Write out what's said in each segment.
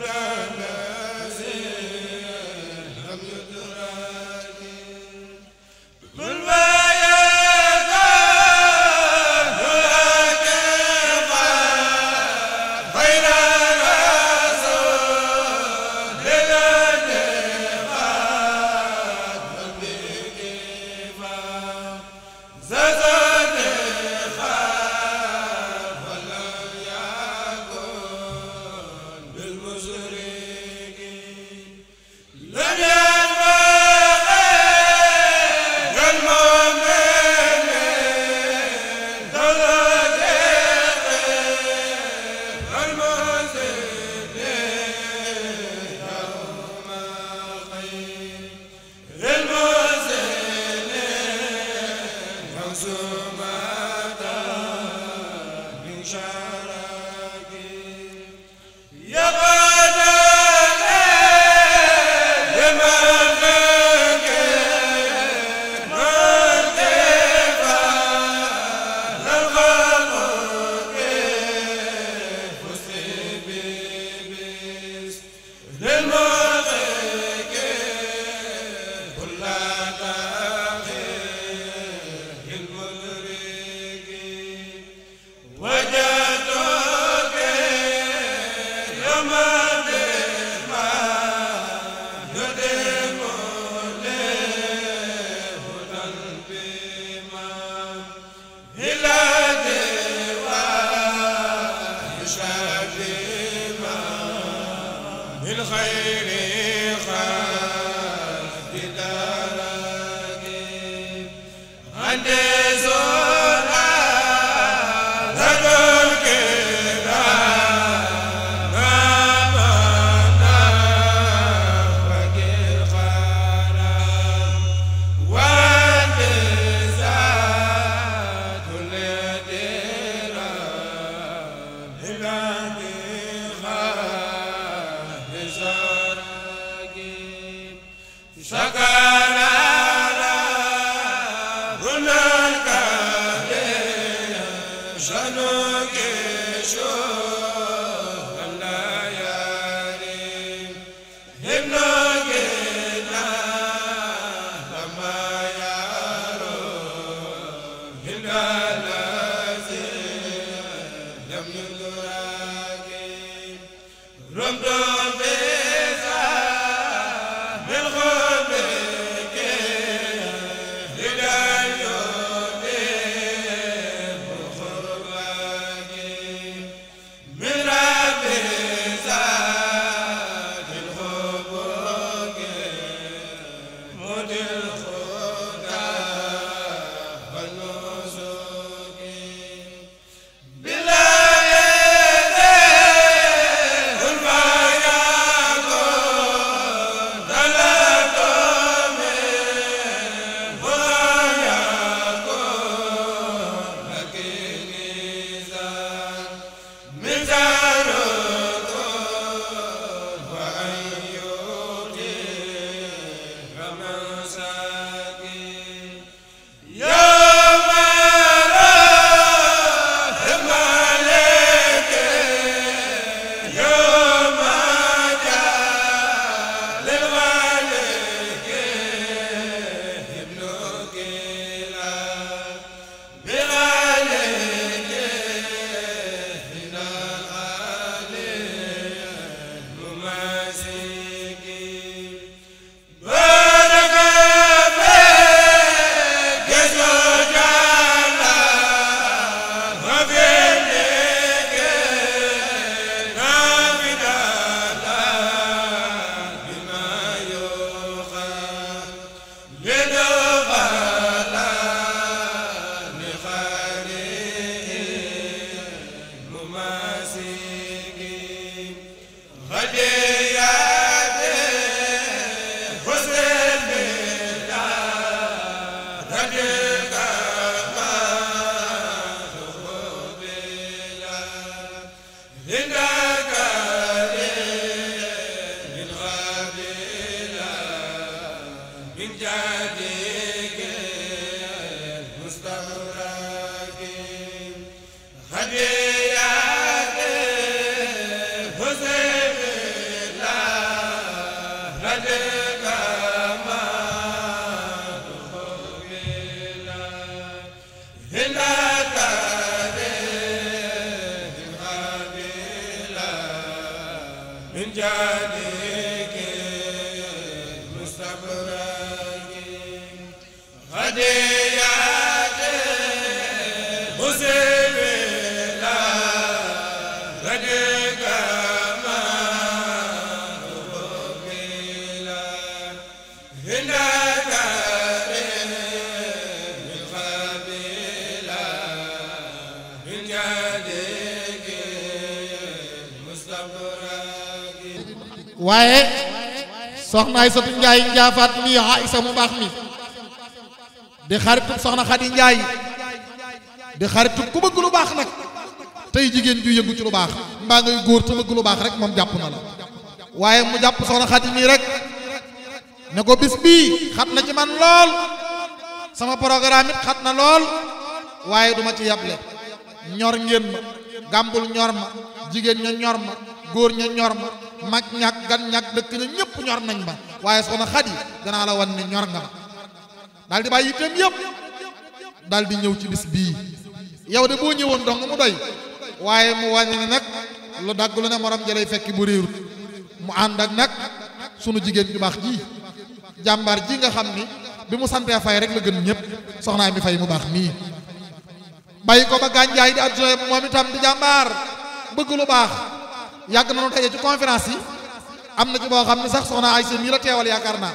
la yi Aïssa mu baax mi di xaritub soxna Xadi Njaay di xaritub ku bëgg lu baax nag tey jigéen ju yëngu ci lu baax mbaa ngay góor te bëgg lu baax rek moom jàpp na la waaye mu jàpp soxna Xadi mii rek ne ko bis bii xat na ci man lool sama programme it na lool waaye duma ci yable ñor ngeen ma gàmbul ñor ma jigéen ña ñor ma góor ña ñor ma mag ñàkk gan ñàkk dëkk na ñëpp ñor nañ ma waaye soxna Xadi danaa la wan ne ñor nga ma daal di bàyyi itam yëpp daal di ñëw ci bis bii yow de boo ñëwoon dong mu doy waaye mu wàññi ne nag lu dagg lu ne morom jëlay fekki bu réerut mu ànd ak nag sunu jigéen ju baax ji jàmbaar jii nga xam ni bi mu santee fay rek la gën ñëpp soxnaay mi fay mu baax mii bàyyi ko ba gànjaay di adjoye moom itam di jàmbaar bëgg lu baax yàgg na nu daje ci conférence yi am na ci boo xam ne sax soxna ay seen mii la teewal yaakaar naa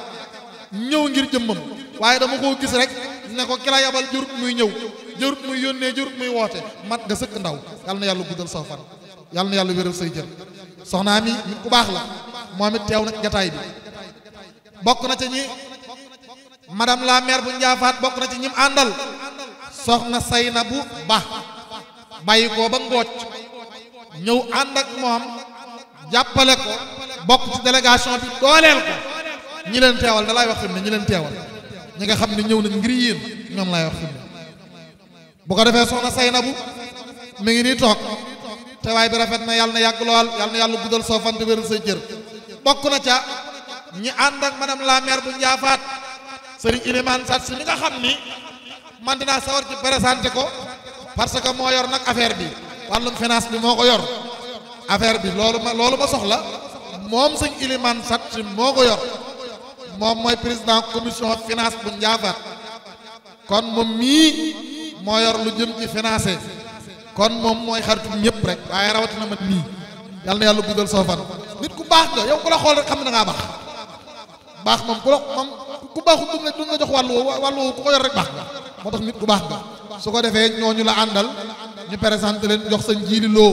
ñëw ngir jëmmam waaye dama koo gis rek ne ko ki la yabal jurut muy ñëw jurut muy yónnee jurut muy woote mat nga sëkk ndaw yàlla na yàlla guddal sa fan yàlla na yàlla wéral say jël soxnaa mi nit ku baax la moom it teew na jataay bi bokk na ca ñi madame la maire bu njaafaat bokk na ci ñim àndal soxna sayna bu ba bàyyi ko ba ngooc ñëw ànd ak moom jàppale ko bokk ci délégation bi dooleel ko ñi leen teewal da laay wax fi mu ne ñi leen teewal ñi nga xam ne ñëw nañ ngir yéen ñoom laay wax fi mu ne bu ko defee soxna Saynabu mi ngi nii toog teewaay bi rafet na yàlla na yàgg lool yàlla na yàlla guddal soo fante wéral say jër bokk na ca ñi ànd ak madame la maire bu njaafaat sëriñ Ilimane Sat si mi nga xam ni man dinaa sawar ci présenté ko parce que moo yor nag affaire bi wàllum finance bi moo ko yor affaire bi loolu ma loolu ma soxla moom sëñ Ilimane moom mooy président commission finance bu njaafaat kon moom mii moo yor lu jëm ci financé kon moom mooy xaritu ñëpp rek waaye rawatina ma mii yàlla na yàlla guddal soo fan nit ku baax nga yow ku la xool rek xam ne da ngaa baax baax moom ku la moom ku baaxul du nga du nga jox wàllu wàllu ku ko yor rek baax nga moo tax nit ku baax nga su ko defee ñooñu la àndal ñu présenté leen jox sa njiili loo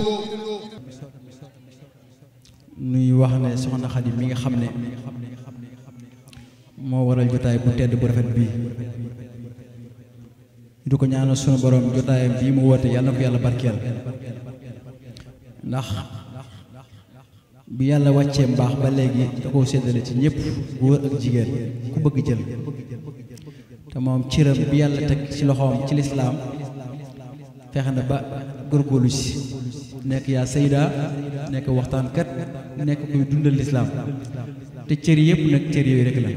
nuy wax ne soxna Xadi mi nga xam ne moo waral jotaay bu tedd bu rafet bii du ko ñaanal sunu borom jotaayam bii mu woote yàlla na yàlla barkeel ndax bi yàlla wàccee mbaax ba léegi da koo séddale ci ñëpp góor ak jigéen ku bëgg jël te moom ciram bi yàlla teg ci loxoom ci lislaam fexe na ba góorgóorlu si nekk yaa sayda nekk waxtaankat nekk kuy dundal lislaam te cër yëpp nag cër yooyu rek la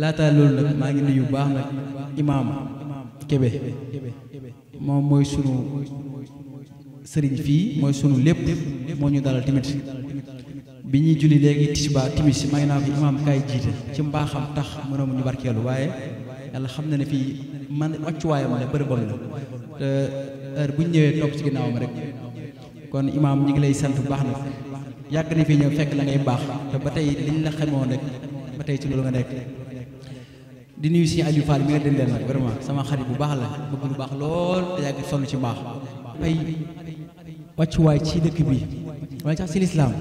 laataa loolu nag maa ngi nuyu baax nag imaam Kébé moom mooy sunu sëriñ fii mooy sunu lépp moo ñu dalal tamit bi ñuy julli léegi tisba timis may naa ko imaam kaay jiite ci mbaaxam tax mënoom ñu barkeelu waaye yàlla xam na ne fii man wàccuwaayam la bërëbam la te heure bu ñu ñëwee topp ci ginnaawam rek kon imaam ñu ngi lay sant bu baax nag yàgg na fii ñëw fekk la ngay baax te ba tey liñ la xamoon rek ba tey ci loolu nga nekk di nuyu si Aliou Fall mi nga dendeel nag vraiment sama xarit bu baax la bëgg lu baax lool te yàgg sonn ci baax ay wàccuwaay ci dëkk bi wala sax si lislaam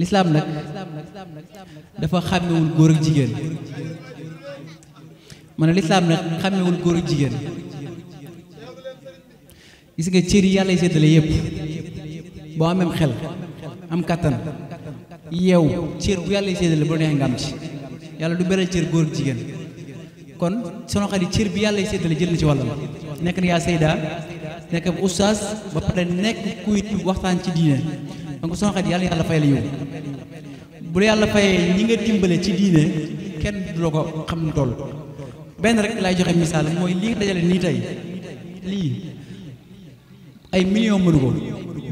lislaam nag dafa xàmmewul góor ak jigéen ma ne lislaam nag xàmmewul góor jigéen gis nga cër yi yàlla yi séddale yëpp boo amee xel am kàttan yeew cër bu yàlla yi séddale bu neex nga ci yàlla du beral cër góor ak jigéen kon sono xadi cër bi yàlla séddale jël na ci wàllam nekk na yaa sayda nekk ab oustaz ba pare nekk kuy waxtaan ci diine donc sono xadi yàlla yàlla fay la yow bu la yàlla fayee ñi nga dimbale ci diine kenn du la ko xam tool toll benn rek lay joxe misaal mooy lii nga dajale nii tey lii ay million mënu ko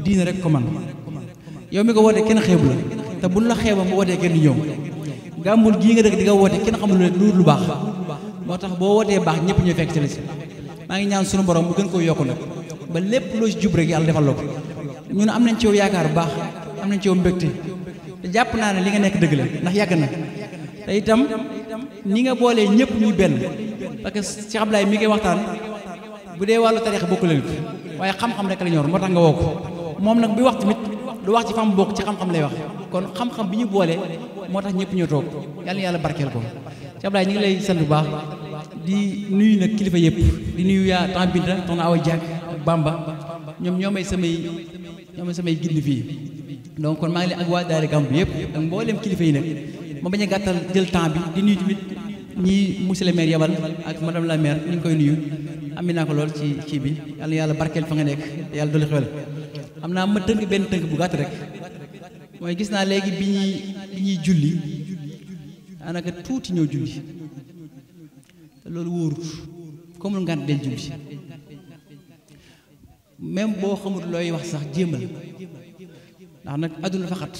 diine rek ko man yow mi ko wootee kenn xeebu la te buñ la xeeba bu wootee kenn ñëw gàmmul gii nga dëkk di nga woote kenn xamul lu lu baax moo tax boo wootee baax ñëpp ñuy fekk ci la si maa ngi ñaan sunu borom mu gën koo yokku nag ba lépp loo jub rek yàlla defal la ko ñun am nañ ci yaakaar bu baax am nañ ci yow mbégte te jàpp naa ne li nga nekk dëgg la ndax yàgg na te itam ni nga boolee ñëpp ñuy benn parce que Cheikh Ablaye mi ngay waxtaan bu dee wàllu tariix bokku leen ko waaye xam-xam rek la ñor moo tax nga woo ko moom nag bi wax tamit du wax ci fam bokk ci xam-xam lay wax kon xam-xam bi ñu boole moo tax ñëpp ñu toog yàlla yàlla barkeel ko ci Ablaye ñu ngi lay sant bu baax di nuyu nag kilifa yëpp di nuyu yaa temps binta toxna awa jaag ak bamba ñoom ñoo may samay ñoo may samay gindi fii donc kon maa ak waa daara Gambi yëpp ak kilifa yi nag ma bañ a gàttal jël temps bi di nuyu tamit ñi monsieur le maire yabal ak madame la maire ñu koy nuyu ame naa ko lool ci kii bi yàlla yàlla barkeel fa nga nekk yàlla dolli xewal xam naa ma tënk benn tënk bu gàtt rek mooy gis naa léegi bi ñuy bi ñuy julli daanaka tuuti ñoo julli te loolu wóorut comme lu ngànt del julli même boo xamut looy wax sax jéemal ndax nag àdduna faxat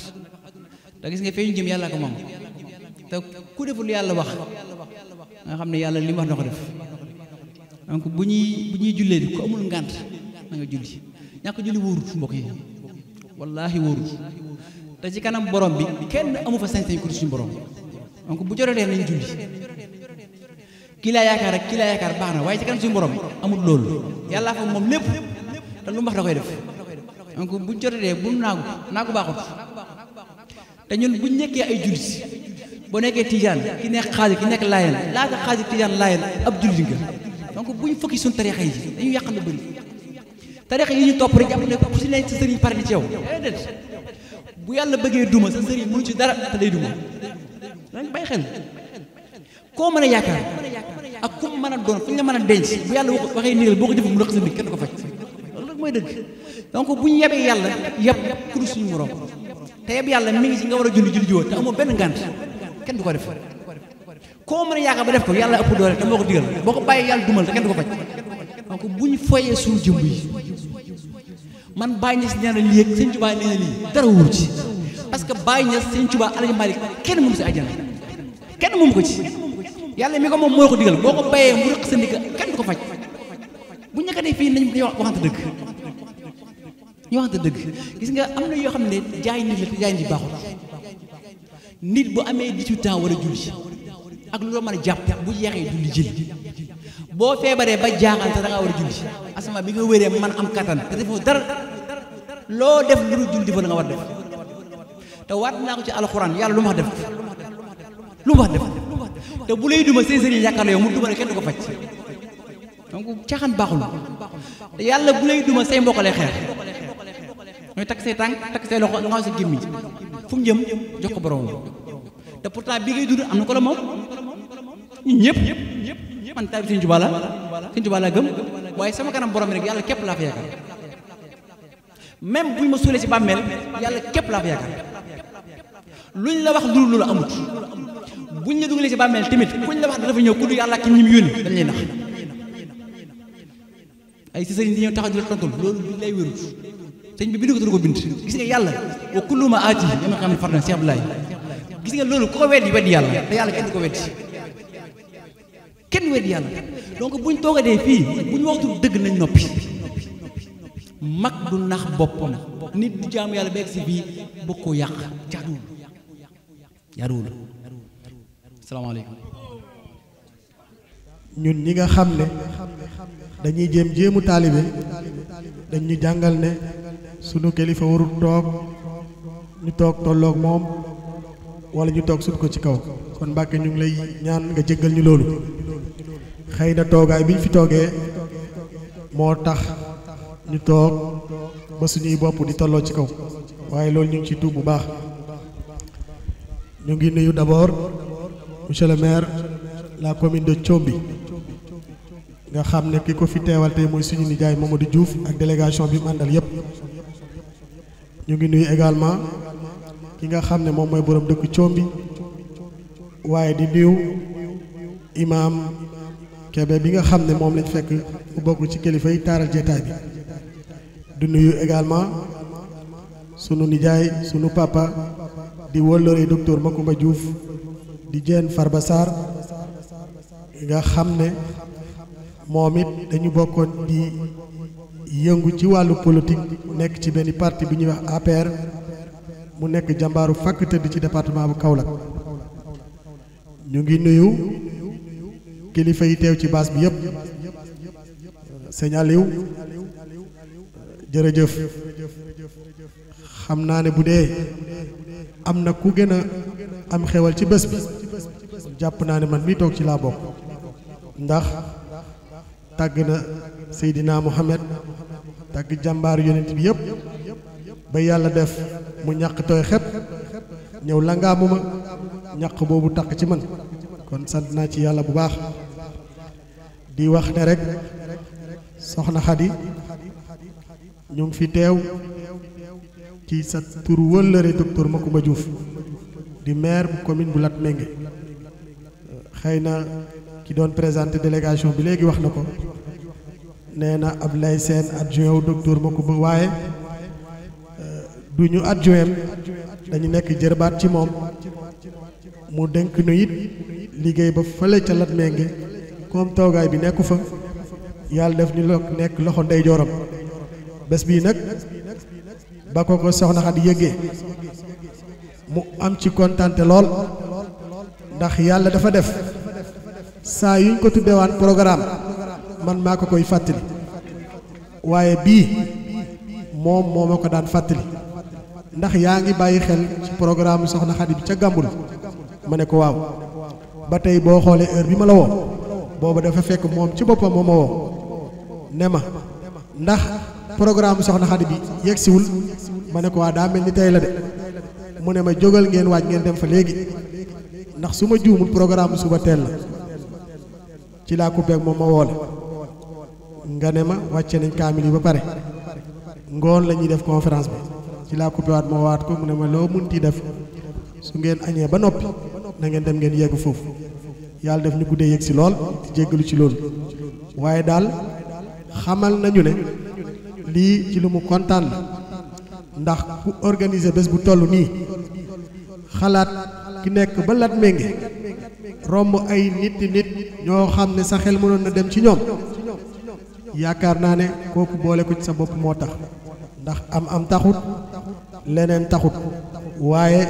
te gis nga feeñu jëm yàlla ko moom te ku deful yàlla wax nga xam ne yàlla li mu wax na def donc bu ñuy bu ñuy jullee ku amul ngànt na julli ñàkk julli wóorut mbokk yi wallaahi wóorut te ci kanam borom bi kenn amu fa sañ-sañ ku suñu borom donc bu jorotee nañ julli kii laa yaakaar ak kii laa yaakaar baax na waaye ci kanam suñu borom amul loolu yàllaa fa moom lépp te lu mu wax da koy def donc buñ jorotee bu naagu naagu baaxut te ñun ñu nekkee ay jullit boo nekkee tijaan ki nekk xaaji ki nekk laayeen laata xaaji tijaan laayeen ab jullit nga donc buñ fokki suñ tarixa yi dañu yàq tarixa yi ñu topp rek jàpp ne ku si nekk sa pare na ci bu yàlla bëggee duma sa sëriñ mënu ci dara te day duma dañ bàyyi xel koo mën a yaakaar ak ku mën a doon fu ñu la mën a denc bu yàlla waxee ndigal boo ko jëfee mu rëq sa mbir kenn ko faj loolu mooy dëgg donc bu ñu yebee yàlla yab ku dul suñu morom te yeb yàlla mi ngi ci nga war a julli julli jiwoo te amoo benn ngànt kenn du ko def koo mën a yaakaar ba def ko yàlla ëpp doole te moo ko digal boo ko bàyyee yàlla dumal te kenn du ko faj donc bu ñu foyee suñu jëmb yi man Baye Niass nee na lii ak Sëñ Tuubaa nee na dara wóor ci parce que Baye Niass Sëñ Tuubaa Alaaji Maalik kenn moom si àjjana kenn moom ko ci yàlla mi ko moom moo ko digal boo ko bayee mu rëq sa ndigg kenn du ko faj bu ñu nekkatee fii nañu waxante dëgg ñu waxante dëgg gis nga am na yoo xam ne jaay nit la te jaay nit baaxul nit bu amee 18 ans war a julli ak lu la mën a jàpp bu yeexee julli jëli. bo feebaree ba jaaxal te da nga wara julli asamaan bi nga wéré man am katan te defoo dar lo def lu julli fa nga war def te wat na ko ci alxuraan yalla luma def luma def te bu lay duma sey sëriñ yaakaar yow mu duma kenn du ko donc caaxaan baaxul te yàlla bu lay duma sey mbokk lay ñu tak sey tank tak sey loxo nga ci gimmi fu mu jëm jox ko borom te pourtant bi ngay dund am na ko la moom ñun ñëpp. man taalibe Sëñ Tuubaa la Sëñ Tuubaa la gëm waaye sama kanam borom bi yàlla képp laa fa yaakaar même buñ ma suulee ci bàmmeel yàlla képp laa fa yaakaar luñ la wax lu lu la amut buñ la dugalee si bàmmeel tamit kuñ la wax dafa ñëw ku du yàlla ki ñim yónni dañ lay nax ay si sëriñ la tontul loolu bi lay wérut sëñ bi bindu ko tudd ko bind gis nga yàlla wa kulluma aati yi ñoom nga xam ne farna si Abdoulaye gis nga loolu ku ko weddi weddi yàlla te yàlla kenn ko weddi kenn wéet yàlla donc buñ toogadee fii buñ waxtu dëgg nañ noppi mag du nax boppam nit du jaamu yàlla beeg si bii bëgg ko yàq jaaduwul jaaduwul salaamaaleykum ñun ñi nga xam ne dañuy jéem jéemu taalibe dañ ñu jàngal ne sunu kilifa warul toog ñu toog tolloog moom wala ñu toog sut ko ci kaw kon Mbàkke ñu ngi lay ñaan nga jëggal ñi loolu xeyna togaay biñ fi toge moo tax ñu tok ba suñuy bop di tolloo ci kaw waye lool ñu ci tu bu baax ñu ngi nuyu d'abord monsieur le maire la commune de Thiombi nga xamne kiko fi téwal tey moy suñu nijaay Mamadou Diouf ak délégation bi mandal yépp ñu ngi nuyu également ki nga xamne mom moy borom dëkk Thiombi waye di diiw imam kebe bi nga xam ne moom lañ fekk mu bokk ci kilifa yi taaral jataay bi du nuyu également sunu nijaay sunu papa di wëllëre docteur Macoumba Diouf di jeen Farba Sarr nga xam ne moom it dañu bokkoon di yëngu ci wàllu politique nekk ci benn partie bi ñuy wax APR mu nekk jàmbaaru fàkk tëdd ci département bu Kaolack ñu ngi nuyu kilifa yi teew ci baas bi yëpp sëñ Aliou jërëjëf xam naa ne bu dee am na ku gën a am xewal ci bés bi jàpp naa ne man mii toog ci laa bokk ndax tàgg na Seydina Mohamed tàgg jàmbaar yonent bi yëpp ba yàlla def mu ñàq tooy xep ñëw langaamuma ñàq boobu taq ci man kon sant naa ci yàlla bu baax di wax ne rek soxna Xadi ñu ngi fi teew ci sa tur wëllëre docteur Macoumba Diouf di maire bu commune bu Latmingué xëy na ki doon présenté délégation bi léegi wax na ko nee na ab lay Sène adjoint wu docteur Macoumba waaye euh, du ñu adjoint dañu nekk jërbaat ci moom mu dénk nu liggéey ba fële ca Latmingué comme toogaay bi nekku fa yàlla def ñu lo nekk loxo ndeyjooram bés bii nag ba ko ko soxna Xadi yëgee mu am ci kontante lool ndax yàlla dafa def saa yuñ ko tuddewaan programme man maa ko koy fàttali waaye bii moom moo ma ko daan fàttali ndax yaa ngi bàyyi xel ci programme soxna Xadi bi ca gàmbul ma ne ko waaw ba tey boo xoolee heure bi ma la woo boba dafa fekk mom ci bopam moom wo nema, ndax programme soxna xadi bi yegsiwul mana ne ko waa daa mel ni la de mu ne ma jógal ngeen waj ngeen dem fa léegi ndax suma ma programme suba tel la ci la coupe ak nga nema nañ ba pare ngon lañu def conférence bi ci la coupe wat mo wat ko munti def su ngeen añee ba nopi na ngeen dem ngeen yegg fofu yàlla def ñu guddee yëg ci lool di jéggalu ci loolu waaye daal xamal nañu ne lii ci lu mu kontaan la ndax ku organise bés bu toll nii xalaat ki nekk ba lat ménge romb ay nit nit ñoo xam ne sa xel mënoon na dem ci ñoom yaakaar naa ne kooku boole ko ci sa bopp moo tax ndax am am taxut leneen taxut waaye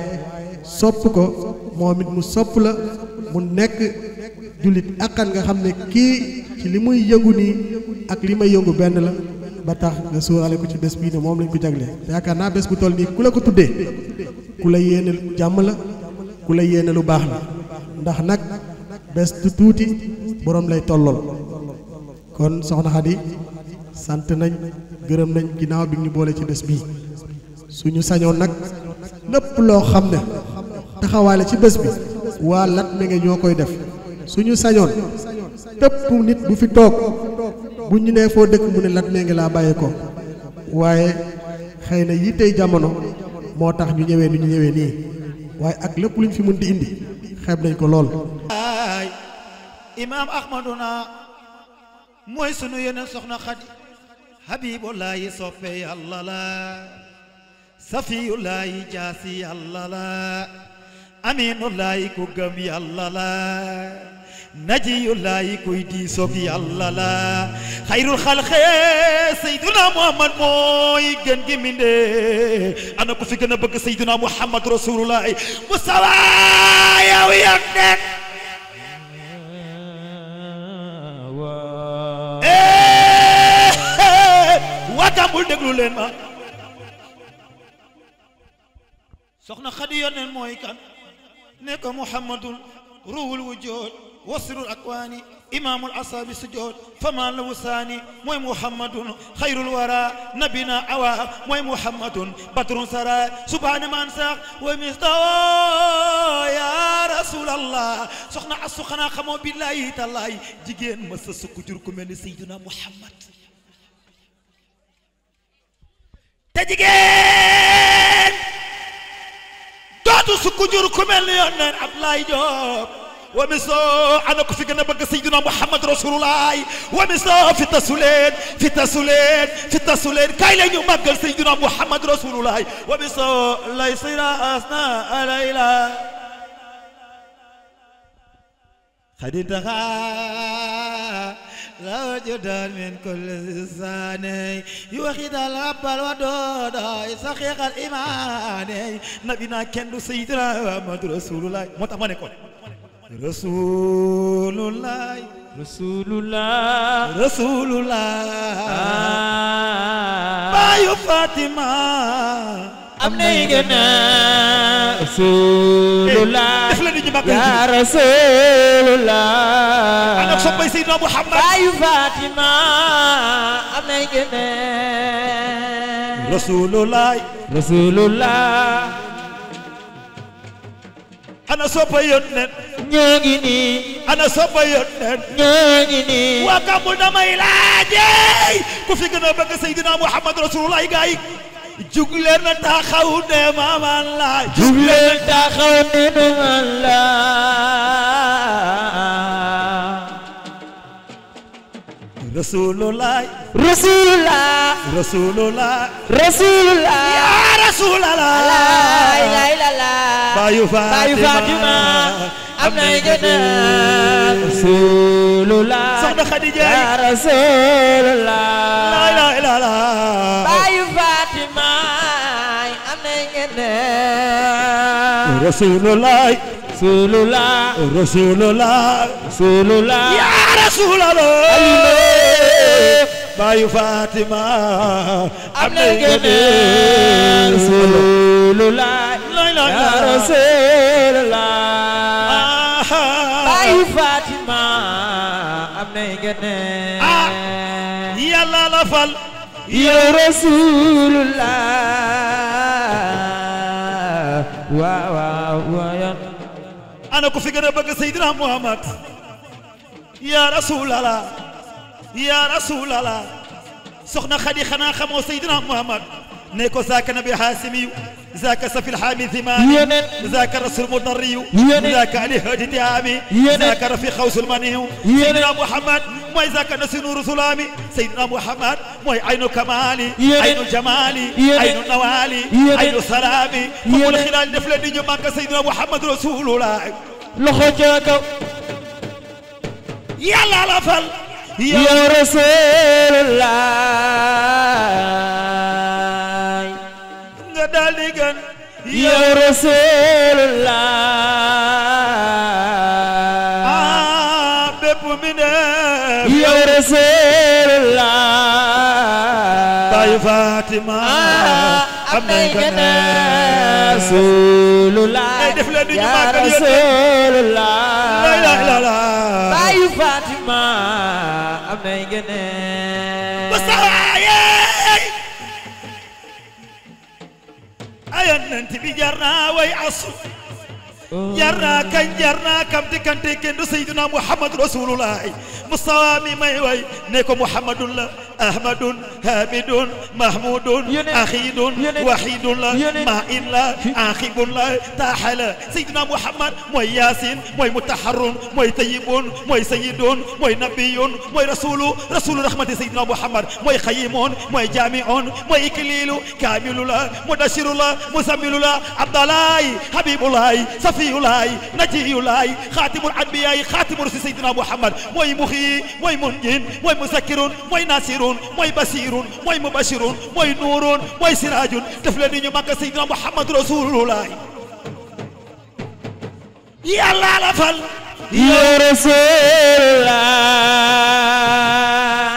sopp ko moom it mu sopp la mu nekk jullit akkan nga xam ne kii ci li muy yëngu nii ak li may yëngu benn la ba tax nga sóoraale ko ci bés bii ne moom lañ ko jagle yaakaar naa bés bu toll nii ku la ko tuddee ku la yéene jàmm la ku la yéene lu baax la ndax nag bés du tuuti boroom lay tollool kon soxna Xadi sant nañ gërëm nañ ginnaaw bi ñu boole ci bés bii suñu sañoon nag lépp loo xam ne taxawaale ci bés bi waa lat mi ngi ñoo koy def suñu sañoon tëpp nit bu fi toog bu ñu nee foo dëkk mu ne lat mi laa bàyyi ko waaye xëy na yi tey jamono moo tax ñu ñëwee ni ñëwee nii waaye ak lépp luñ fi mën di indi xeeb nañ ko lool imaam ahmaduna mooy sunu yeneen soxna xadi habibullahi soppe yàlla la safiyullahi jaasi yàlla la amiinu laay ku gëm yàlla la najiyu laay kuy diisoog yàlla la xayrul xalqe sayduna muhammad mooy gën gi minde ana ku fi gën a bëgg sayduna muhammad rasulullahi mustawa yow yam nen eh, waatambul déglu leen ma soxna xadi yoneen mooy kan نيكا محمد روح الوجود وسر الاكوان امام الاصاب السجود فما له ثاني موي محمد خير الورى نبينا اوا موي محمد بدر سرى سبحان من ساق ومستوى يا رسول الله سخنا سخنا خمو بالله تعالى جيجين مس سكجور كمن سيدنا محمد تجيجين ساتو سكجور كمليون عبلاي جوب ومسو انا كفي كنا بك سيدنا محمد رسول الله ومسو في تسولين في تسولين في تسولين كاي لا نيو ماك سيدنا محمد رسول الله ومسو لا يصير اسنا ليلى خديتها زوجدان من كل زاني يوحد الرب الودود صحيح الإيمان نبينا كندو سيدنا محمد رسول الله متى رسول الله رسول الله رسول الله بايو فاطمه am nay gën a rasulullah yaa rasulullah ana soppay Seydina Muhammad baayu Fatima am nay gën a rasulullah rasulullah ana soppay yonent ñoo ngi nii ana soppay yonent ñoo ngi nii waa Kambul damay laajee ku fi gën a bëgg Seydina Muhammad rasulullah gaay jug leen a taxaw ne Maman Laye. jug leen taxaw ne Maman Laye. Rasulullah. Rasulullah. Rasulullah. Rasulullah. yaa Rasulullah. laa ilaaha illallaah. Bayu Fatima Bayu Fatima. am na jënd. Rasulullah. soxna Khadija. yaa Rasulullah. laa ilaaha illallaah. Bayu Fatima. Rasulullah Rasulullah Rasulullah Rasulullah ya Rasulullah baayu Fatima am na gëneel Rasulullah ya Rasulullah baayu Fatima am na gëneel ah Yàlla la fal ya Rasulullah waaw waaw waaw ana ko fi gën a bëgg Seydina Muhammad yaa rasulallah yaa rasulallah soxna Xadi xanaa xamoo Seydina Muhammad ne ko saaka nabi Haasimi ذاك سفي الحامي ثماني ذاك الرسول المضري ذاك علي هدي تهامي ذاك رفيق خوس المنيو سيدنا محمد موي ذاك نسي نور سلامي سيدنا محمد موي عين كمالي عين جمالي عين نوالي عين سلامي فقل خلال نفل الدنيا جمعك سيدنا محمد رسول الله لخو جاكو يلا لفل يا رسول الله nga daal di gan ya Rasulullah ah bépp mi ne ya Rasulullah bayu ah, ah, Fatima am nañ ka ne Rasulullah ya Rasulullah bayu Fatima am nañ ka ne يننت بجرنا ويعصوا يراك يراك عبد كنتك إنه سيدنا محمد رسول الله مصامي ما يوي نيكو محمد الله أحمد حامد محمود أخيد وحيد الله ما إلا آخب الله تاحل سيدنا محمد موي ياسين موي متحر موي طيب موي سيد موي نبي موي رسول رسول رحمة سيدنا محمد موي خيم موي جامع موي كليل كامل الله مدشر الله مسمل الله عبد الله حبيب الله شفيع الله نجي الله خاتم الأنبياء خاتم رسول سيدنا محمد موي مخي موي منجين موي مذكر موي ناصر موي بصير موي مبشر موي نور موي سراج تفلني نيو مكة سيدنا محمد رسول الله يا الله لفل يا رسول الله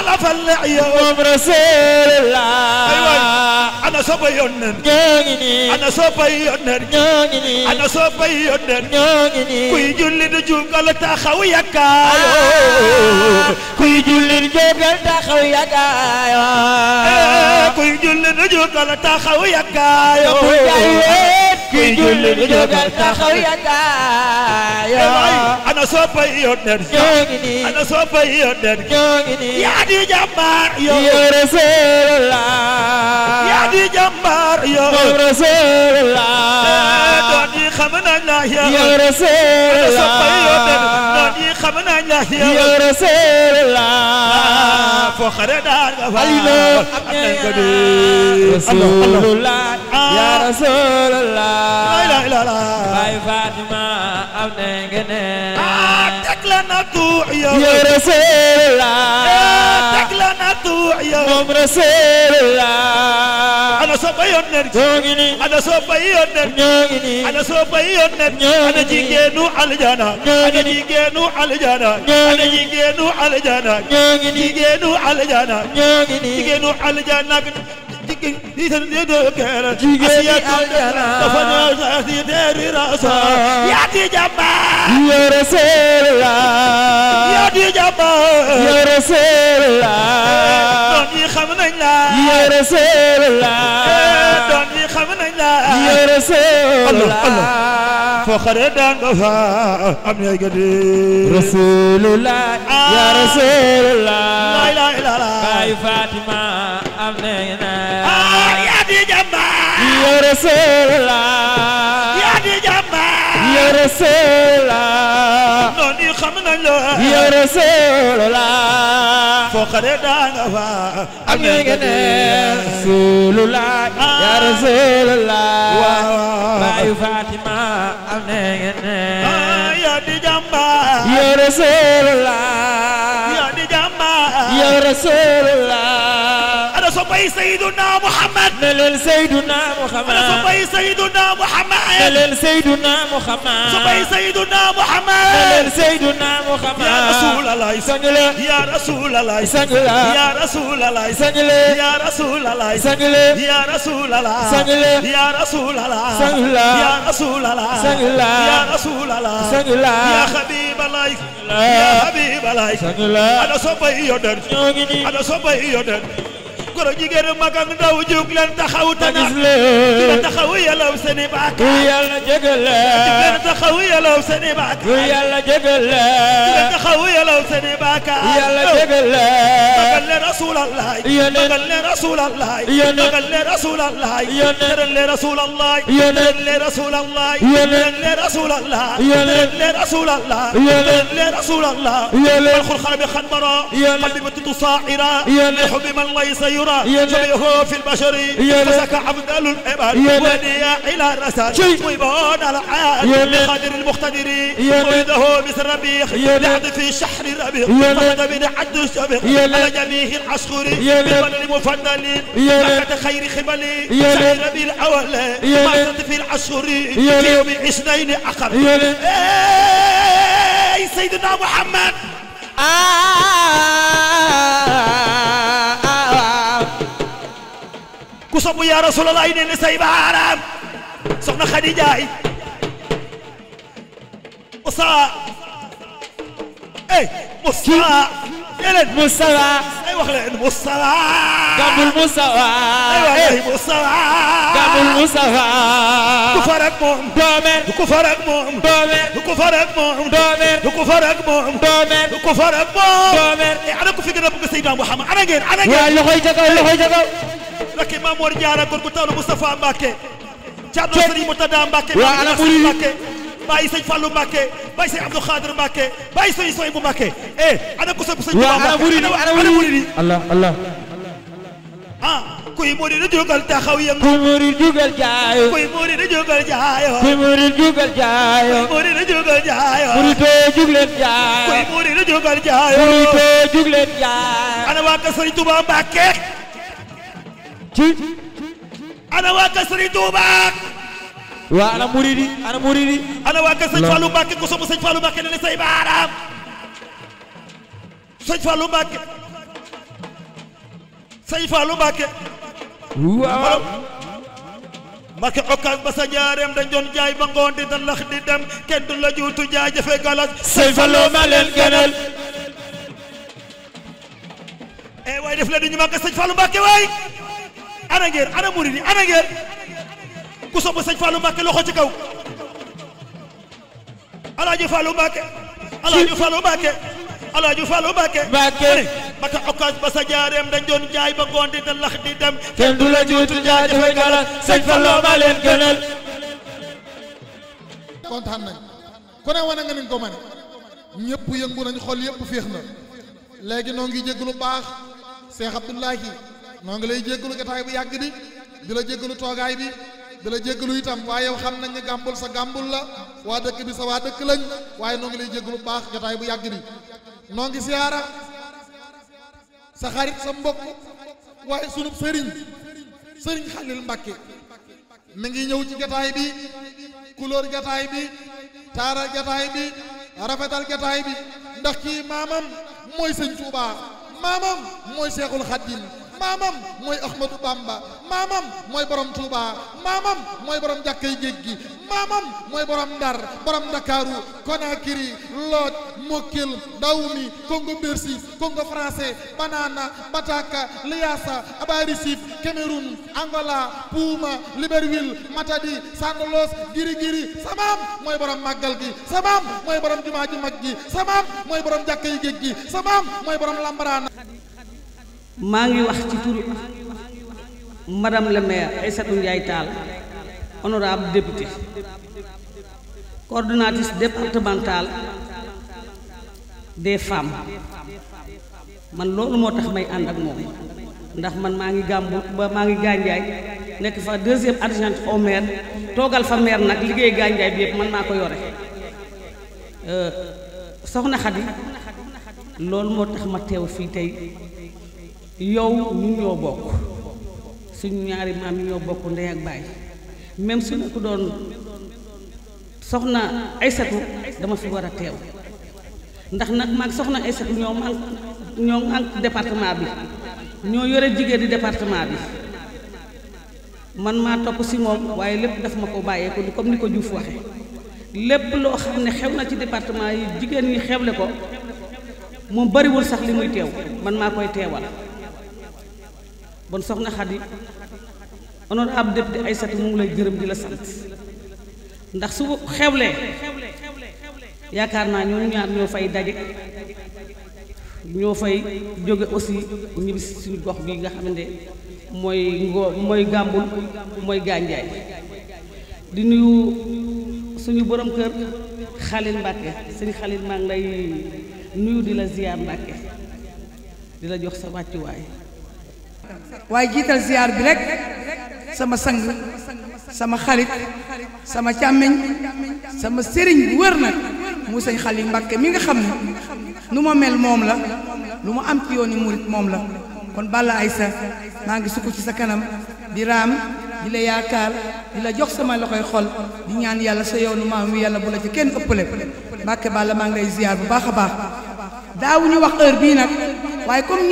طلع يا أم رسول الله أيوة أنا صوب يونن نيوني أنا صوب يونن نيوني أنا صوب يونن نيوني كوي جولي نجوم قال تاخوي يا كايو كوي جولي نجوم قال تاخوي يا كايو كوي جولي نجوم قال تاخوي يا كايو kuy jullit jógal taxaw yataaya ana soppay yonent ana soppay yonent yaa di jàmbaar yow Rasulullah yaa di jàmbaar yow Rasulullah eh, doon yi xam nañ la yow Rasulullah xam nañ la yow rasulullah fo xare daar nga fa rasulullah ah. ya rasulullah la ilaha bay fatima am na ngene tak la na tu ya rasulullah tak la na tu ya rasulullah أنا سبعيون نرجع أنا سبعيون نرجع أنا سبعيون نرجع أنا جيجنو على جانا أنا جيجنو على جانا أنا جيجنو على جانا جيجنو على جانا جيجنو على جانا di jàmbaar ya Rasulullah ya di jàmbaar ya Rasulullah eh, doon yi xam nañ la ya Rasulullah eh, doon yi xam nañ la ah. ya Rasulullah فخر دانغفا ابن يجدي رسول الله يا رسول الله لا اله الا الله باي فاطمه ابن Rasulullah yaa di jàmbaar ya Rasulullah noonu yi xam nañ la ya Rasulullah foo xare daa nga fa am nga ne Rasulullah ya Rasulullah baayu Fatima am nga ne yaa di jàmbaar ya Rasulullah yaa di jàmbaar ya Rasulullah صبي سيدنا محمد نلل سيدنا محمد صبي سيدنا محمد نلل سيدنا محمد صبي سيدنا محمد نلل سيدنا محمد يا رسول الله سجل يا رسول الله سجل يا رسول الله سجل يا رسول الله سجل يا رسول الله سجل يا رسول الله سجل يا رسول الله سجل يا رسول الله سجل يا حبيب الله يا حبيب الله سجل انا صبي يودن انا صبي يودن goro jigéen mag ak ndaw jóg leen taxaw tana ci la taxaw yalaw seeni baak yàlla jégal leen ci la taxaw yalaw seeni baak yàlla jégal leen ci la taxaw yalaw seeni baak yàlla jégal leen magal leen rasulallah magal leen rasulallah magal leen rasulallah teral leen rasulallah teral leen rasulallah teral leen rasulallah teral leen rasulallah teral leen rasulallah والخلخل بخنبرة قلبة تصاعرة الحب من ليس يرى الله جميعه في البشر فسك عبدال يا وديا إلى الرسل طيبان العاد بقدر المقتدر ويده مثل ربيخ لعد في شحر ربيخ فقد من عد الشبيخ على جميع العشقر بمن المفضل مكة خير خبلي سعير بالأول ماتت في العشقر في يوم اثنين يا سيدنا محمد آه آه آه كسبو يا رسول الله إني نسي بارام سبنا خديجة مصا إيه مصا يلد مصا أي وخلع مصا قبل مصا أي وخلع مصا قبل مصا كفر أقمهم دامن كفر أقمهم دامن كفر أقمهم دامن كفر أقمهم دامن كفر أقمهم دامن أنا كفيك أنا بقول سيدنا محمد أنا جن أنا جن يا لخيجة كا لخيجة كا rakki Mamour Diarra góor gu taalu Moustapha Mbacké Thierno Serigne Moutada Mbacké waa ana muri Mbacké bàyyi sëñ Fallou Mbacké bàyyi sëñ Abdou Khadir Mbacké bàyyi sëñ Soy bu Mbacké eh ana ko sëñ ana muri Allah ah, jugal jaayo kuy murid jugal jaayo kuy murid jugal jaayo ji ana waa kër Serigne Touba waa ana muridi ana muridi ana waa Serigne Fallou Mbacké ku sopp Serigne Fallou Mbacké ne say baaraam Serigne Fallou Mbacké Serigne Fallou ba sa jaay ba di dan di dem kenn du la juutu jaajëfe galas Serigne Fallou eh def leen du ñu màgg Serigne Fallou ana ngeen ana murid yi ana ngeen ku sopp sëñ Fallou Mbacké loxo ci kaw Alaaji Fallou Mbacké Alaaji Fallou Mbacké Alaaji Fallou Mbacké Mbacké bata okaas ba sa jaareem dañ doon jaay ba goon di da lax di dem kenn du la juutu jaay dafay gala sëñ Fallou ma leen gënal kontaan nañ ku ne wane nga niñ ko yëngu nañ xol yëpp féex na léegi noo ngi jégg lu baax Cheikh Abdoulahi noo ngi lay jéggalu gataay bu yàgg bi di la jéggalu toogaay bi di la jéggalu itam waaye yow xam nañ ne gàmbul sa gàmbul la waa dëkk bi sa waa dëkk lañ waaye noo ngi lay jéggalu baax gataay bu yàgg bi noo ngi siyaara sa xarit sa mbokk waaye sunub sëriñ sëriñ Xalil Mbàkke mi ngi ñëw ci gataay bi couleur gataay bi taaral gataay bi rafetal gataay bi ndax kii maamam mooy sëñ Tuubaa maamam mooy Seexul Xadiim Mamam, moy ahmadou bamba mamam moy borom touba mamam moy borom jàkkay géej mamam moy borom dar borom ndakaaru konakiri lot Mokil, dawmi congo bersi congo français banana bataka liasa abarisif cameroun angola Puma, liberville matadi sandalos giri giri samam moy borom magal gi samam moy borom djuma djumak gi samam moy borom jàkkay géej samam moy borom lambarana maa ngi wax ci turu madame le maire aissatou Ndiaye tal honorable député coordonnatrice départemental des femmes man lolu motax may and ak mom ndax man maa ngi gambu ba maa ngi gànjaay nek fa deuxième adjointe au maire togal fa maire nak liggéey gànjaay bi man mako ko yore euh, soxna khadi lolu motax ma tew fi tay yow ñu ñoo bokk suñu ñaari maam ñoo bokk ndey ak baay même suñu ko doon soxna Aysatu dama fi war a teew ndax nag maag soxna Aysatu ñoo mank ñoo mank département bi ñoo yore jigéen di département bi man maa topp si moom waaye lépp dafa ma ko bàyyeeku comme ni ko Diouf waxe lépp loo xam ne xew na ci département yi jigéen ñi xewle ko moom bariwul sax li muy teew man maa koy teewal bon soxna Xadi honorable député Aïssatou mu ngi lay gërëm di la sant ndax su xewlee yaakaar naa ñooñu ñaar ñoo fay daje ñoo fay jóge aussi ñibbi suñu gox bi nga xamante mooy ngoo mooy gàmbul mooy gànjaay di nuyu suñu borom kër Xalil Mbàkke sëñ Xalil maa ngi lay nuyu di la ziyaar Mbàkke di la jox sa wàccuwaay waaye jital ziar bi sama sang sama khalid sama càmmiñ sama sering bu wër nag mu sëñ Xalil Mbàkke mi mel mom la lu am ci murit moom la kon bala Aysa maa ngi sukk ci sa kanam di raam di la yaakaar di la jox sama loxoy xol di ñaan yàlla sa yoonu maam wi yàlla bu la ci kenn ëppale Mbàkke Balla maa ziar bu baax a wax heure comme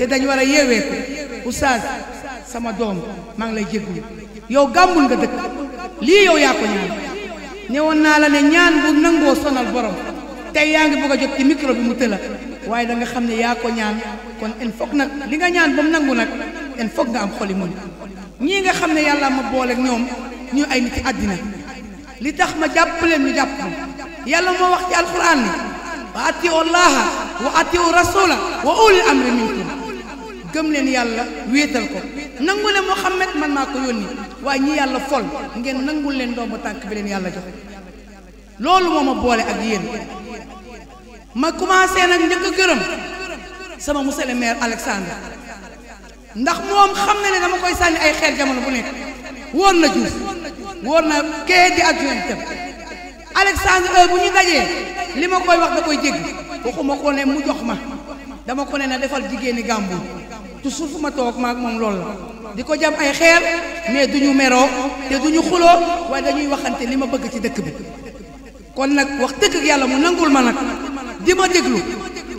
te dañ war a sama dom mang ngi lay jéggu yow gàmmul nga dëkk lii yow yaa ko ñaan newoon la ne ñaan bu nango sonal borom tay yaa ngi bëgg jot ci micro bi mu teela waye da nga ñaan kon en foog nak li nga ñaan bu nangu nak en foog nga am xoli muñ ñi nga xam yalla ma ma ak ñom ñu ay nit ci adina li tax ma jàpp leen ñu japp yalla mo wax ci alquran ni wa atiu wa ati rasula wa ulil amri minkum gëm leen yàlla wéetal ko nangu leen Muhammad man maa ko yónni waaye ñii yàlla fol ngeen nangul leen doomu tànk bi leen yàlla jox loolu moo ma boole ak yéen ma commencé nag njëkk gërëm sama monsieur le maire Alexandre ndax moom xam na ne dama koy sànni ay xeer jamono bu nekk wóor na Diouf wóor na kee di adjoint tam Alexandre bu ñu dajee li ma koy wax da koy jéggi waxuma ko ne mu jox ma dama ko ne na defal jigéeni Gàmbi ci suuf ma toog maag moom loolu la di ko jam ay xeer mais duñu meroo te duñu xuloo waaye dañuy waxante li ma bëgg ci dëkk bi kon nag wax dëkk ak yàlla mu nangul ma nag di ma déglu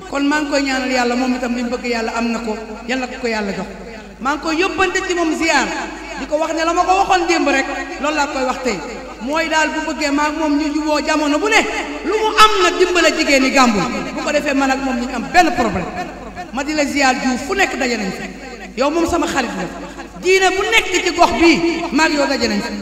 kon maa ngi koy ñaanal yàlla moom itam li mu bëgg yàlla am na ko yàlla ko ko yàlla jox maa ngi koy yóbbante ci moom ziar di ko wax ne la ma ko waxoon démb rek loolu laa koy wax tey mooy daal bu bëggee maag moom ñu juboo jamono bu ne lu mu am nag dimbale jigéen ñi gàmbul bu ko defee man ak moom ñu am benn problème ma di la ziar Diouf fu nekk daje nañ fi yow moom sama xarit la diine bu nekk ci gox bii maag yow daje nañ fi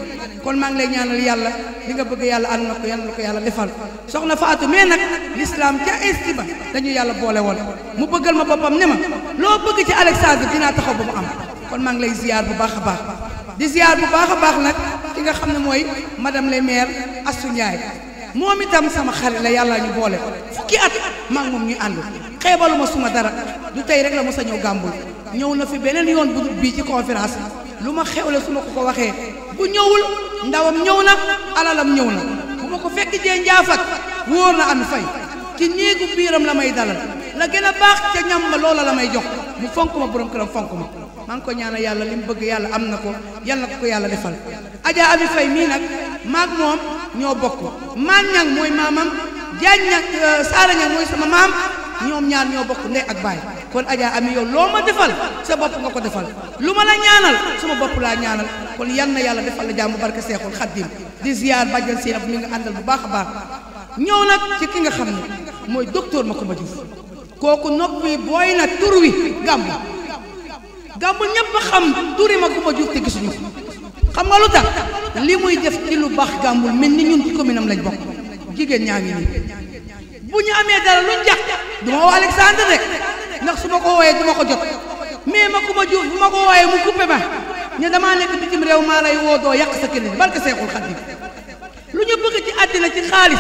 kon maa ngi lay ñaanal yàlla li nga bëgg yàlla ànd na ko yàlla ko yàlla soxna Faatu mais nag l'islam ca esti ba dañu yàlla boole woon mu bëggal ma boppam ne ma loo bëgg ci Alexandre dinaa taxaw ba mu am kon maa lay ziar bu baax a baax di ziar bu baax a baax nag ki nga xam ne mooy madame le maire Assou moom itam sama xarit la yàlla ñu boole fukki at maa ngi moom ñuy ànd xeebaluma suma dara du tey rek la mos a ñëw gàmbul ñëw na fi beneen yoon bu bii ci conférence lu ma xewle suma ko ko waxee bu ñëwul ndawam ñëw na alalam ñëw na bu ma ko fekk jee njaafat wóor na am fay ci néegu biiram la may dalal la gën a baax ca ñam ma loola la may jox mu fonk ma borom këram fonk ma maa ngi ko ñaanal yàlla li mu bëgg yàlla am na ko yàlla na ko ko yàlla defal Adja Abi Faye mii nag maag moom ñoo bokk maan ñang mooy maamam jaañ ñang euh, saara ñang mooy sama maam ñoom ñaan ñoo bokk ndey ak baay kon Adja Ami yow loo ma defal sa bopp nga ko defal lu ma la ñaanal sama bopp laa ñaanal kon yal na yàlla defal la jàmm barke Seexul Xaddim di ziar bàjjan Seynab mi nga àndal bu baax a baax ñëw nag ci ki nga xam ne mooy docteur Macoumba Diouf kooku noppi booy na tur wi gàmmu ñëpp xam turi ma ku ma jur te gisuñu xam nga lu tax li muy def ci lu baax gàmbul mel ni ñun ci commune am lañ bokk jigéen ñaa ngi nii bu ñu amee dara luñ jax du ma woo Alexandre rek ndax su ma ko wooyee du ma ko jot mais ma ku ma jur bu ma ko wooyee mu coupé ma ne damaa nekk bitim réew maa lay woo doo yàq sa keneen barke Seexul Xadiim lu ñu bëgg ci àddina ci xaalis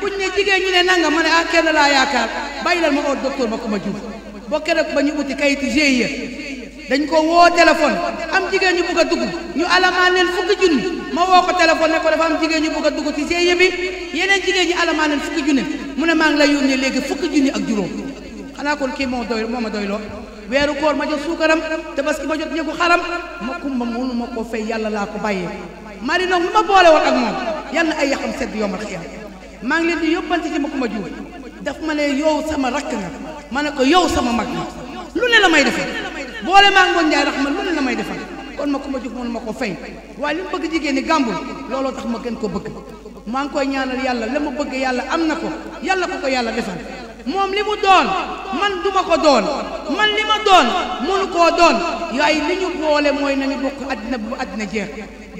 buñ ne jigéen ñu ne nanga ma ne ah kenn laa yaakaar bàyyi leen ma oo docteur ma ku ma jur ba ñu uti kayiti dañ ko woo téléphone am jigéen ñu bëgg a dugg ñu alamaan leen fukki junni ma woo ko téléphone ne dafa am jigéen ñu bëgg a dugg ci GIE bi yeneen jigéen ñi alamaan leen fukki junni mu ne maa ngi lay yónnee léegi fukki junni ak juróom xanaa kon kii moo moo ma doy loo weeru koor ma jot suukaram te parce que ma jot ñegu xaram ma kumba mënu ma koo fay yàlla laa ko bàyyee mari nag mu ma boole woon ak moom yàlla ay yaxam sedd yomal xiyam maa ngi leen di yóbbante ci ma kumba juuf daf ma ne yow sama rakk nga ma ne ko yow sama mag nga lu ne la may defee boole maa ngoon Njaay raxma lu ne may defal kon ma ko ma jox mënu ma ko fay waaye li mu bëgg jigéen ñi gàmbul looloo tax ma gën ko bëgg maa ngi koy ñaanal yàlla la ma bëgg yàlla am na ko yàlla ko ko yàlla defal moom li mu doon man duma ko doon man li ma doon mënu koo doon waaye li ñu boole mooy nañu bokk àddina bu àddina jeex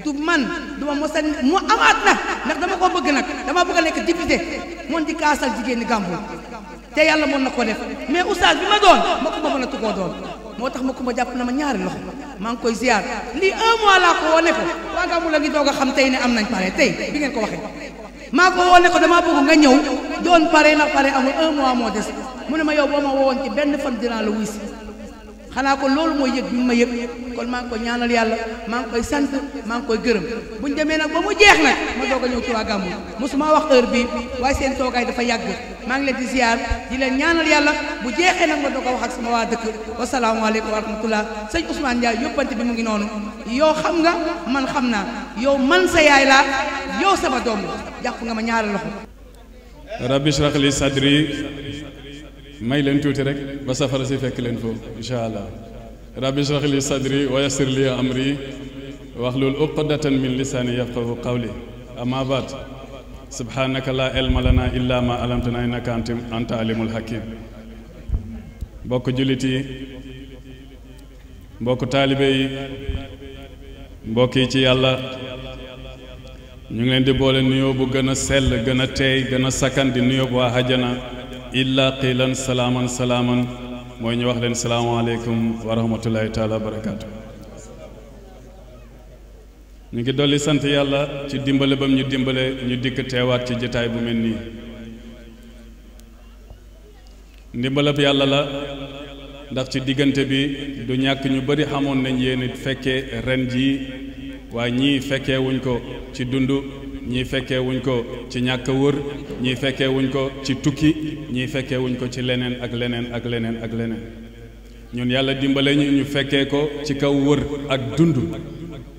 du man duma mosa mu amaat na ndax dama ko bëgg nag dama bëgg a nekk député moom di kaasal jigéen ñi gàmbul te yàlla mën na ko def mais oustaz bi ma doon ma ko ma mën a tukoo doon moo tax ma ko ma jàpp na ma ñaari loxo maa koy ziar lii un mois laa ko woo ko waa nga mu la ngi doog a xam tey ne am nañ pare tey bi ngeen ko waxee maa ko woo ne ko damaa bëgg nga ñëw doon pare na pare amul un mois moo des mu ne ma yow boo ma woowoon ci benn fan dinaa la wuy si xanaa ko loolu mooy yëg bi mu ma yëg kon maa ngi koy ñaanal yàlla maa ngi koy sant maa ngi koy gërëm bu ñu demee nag ba mu jeex na ma doog a ñëw ci waa Gàmmu ma wax heure bii waaye seen toogaay dafa yàgg maa ngi leen di ziar di leen ñaanal yàlla bu jeexee nag ma doog a wax ak sama waa dëkk wasalaamaaleykum wa rahmatullah sëñ Ousmane Ndiaye yóbbante bi mu ngi noonu yow xam nga man xam naa yow man sa yaay laa yow sama doom jàpp nga ma ñaari loxo rabbi may leen tuuti rek ba safara si fekk leen foofu incha allah rabbi israh li sadri wa yassir li amri wahlul uqdatan min lisaani yafqahu qawli amma baat subhanaka la ilma lana illa ma alamtana innaka anta alimul hakim mbokk jullit yi mbokk taalibe yi mbokk yi ci yàlla ñu ngi leen di boole nuyoo bu gën a sell gën a teey gën a sakkan di nuyoo bu waa hajjana illa qilan salaman salaman mooy ñu wax leen salaamualeykum wa rahmatullahi taala barakaatu ñu ngi dolli sant yàlla ci dimbale bam ñu dimbale ñu dikk teewaat ci jotaay bu mel nii ndimbalab yàlla la ndax ci diggante bi du ñàkk ñu bëri xamoon nañ yéen it fekkee ren jii waaye ñii fekkee wuñ ko ci dund ñii fekkee wuñ ko ci ñàkk wër ñii fekkee wuñ ko ci tukki ñii fekkee wuñ ko ci leneen ak leneen ak leneen ak leneen ñun yàlla dimbale ñu ñu fekkee ko ci kaw wër ak dund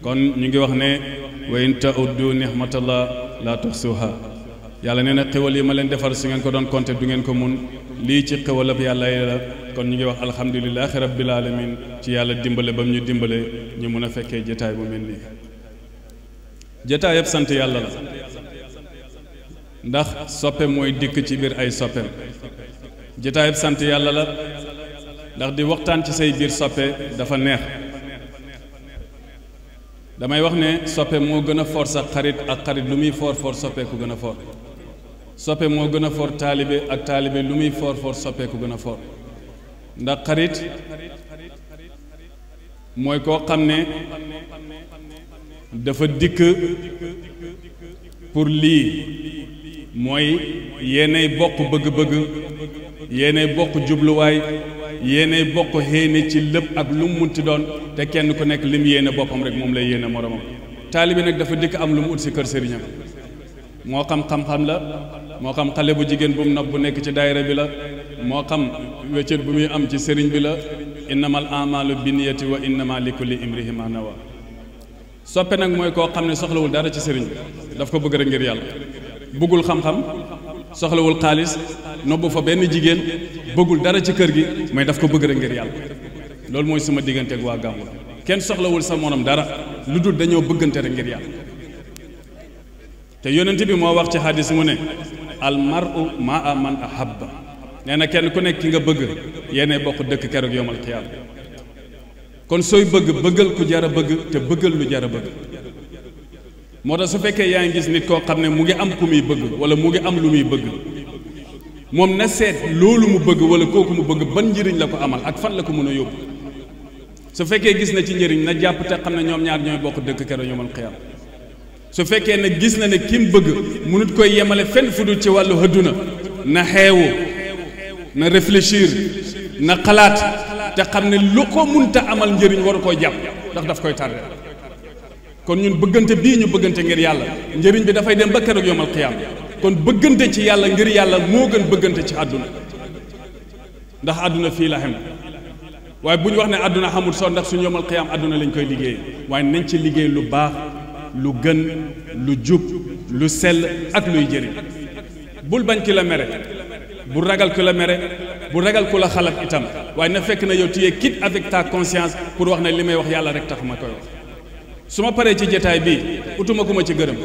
kon ñu ngi wax ne wa in neex nihmatallah la tuhsuha yàlla nee na xéwal yi ma leen defar su ngeen ko doon compter du ngeen ko mun lii ci xéwalab yàlla yi la kon ñu ngi wax alhamdulilahi rabbil alamin ci yàlla dimbale ba bam ñu dimbale ñu mun a fekkee jotaay bu mel nii jotaay yeb sante yalla la ndax soppe moy dik ci bir ay soppe jotaay yeb sante yalla la ndax di waxtan ci say bir soppe dafa neex damay wax ne soppe mo gëna for sa xarit ak xarit lu muy for for soppe ku gëna for soppe mo gëna for talibé ak talibé lu muy for for soppe ku gëna for ndax xarit moy ko xamne dafa dikk pour lii mooy yéenay bokk bëgg-bëgg yéenay bokk jubluwaay yéenay bokk xéene ci lépp ak lu mu munti doon te kenn ku nekk lim yéene boppam rek moom lay yéene moromam taalibi nag dafa dikk am lu mu ut si kër sëriñam moo xam xam-xam la moo xam xale bu jigéen bu mu nopp bu nekk ci daayira bi la moo xam wéccet bu muy am ci sëriñ bi la innamal amalu binniyati wa innama likulli li ma wa soppe nag moy ko xamné ne soxlawul dara ci serigne daf ko bëgg rek ngir yàlla bëggul xam-xam soxlawul xaalis nobu fa benn jigen bëggul dara ci kër gi may daf ko bëgg rek ngir yàlla lool moy suma digënté ak wa gàmmu kenn soxlawul sa monam dara luddul dul dañoo bëggante rek ngir yàlla te yonent bi mo wax ci hadith mu ne al mar'u ma'a man ahabba néna kenn ku nekk ki nga bëgg yene bokku dëkk kër ak yomal qiyam kon soy bëgg bëggal ku jara a bëgg te bëggal lu jara a bëgg moo tax su fekke yaa ngi gis nit ko xamne mu ngi am ku muy bëgg wala mu ngi am lu muy bëgg mom na set loolu mu bëgg wala koku mu bëgg ban njëriñ la ko amal ak fan la ko mën yóbbu su fekke gis na ci njëriñ na jàpp te xamne ñom ñaar ñoy bokk dëkk kero ñoomal xiyam su fekke na gis na ne kim bëgg munut koy yemale fenn fudu ci walu haduna na xeewu na réfléchir na xalaat te xam ne lu ko munta amal njëriñ waru koo jàpp ndax daf koy tardé kon ñun bëggante bii ñu bëggante ngir yàlla njëriñ bi dafay dem ba keroog yomal xiyaam kon bëggante ci yàlla ngir yàlla moo gën bëggante ci àdduna ndax àdduna fii la xem waaye bu ñu wax ne àdduna xamul soo ndax suñu yomal xiyaam àdduna lañ koy liggéey waaye nañ ci liggéey lu baax lu gën lu jub lu sell ak luy jëriñ bul bañ ki la mere bu ragal ku la mere bu ragal ku la xalab itam waaye na fekk na yow tu es quitte avec ta conscience pour wax ne li may wax yàlla rek tax ma koy wax su ma paree ci jataay bii utuma ku ma ci gërëm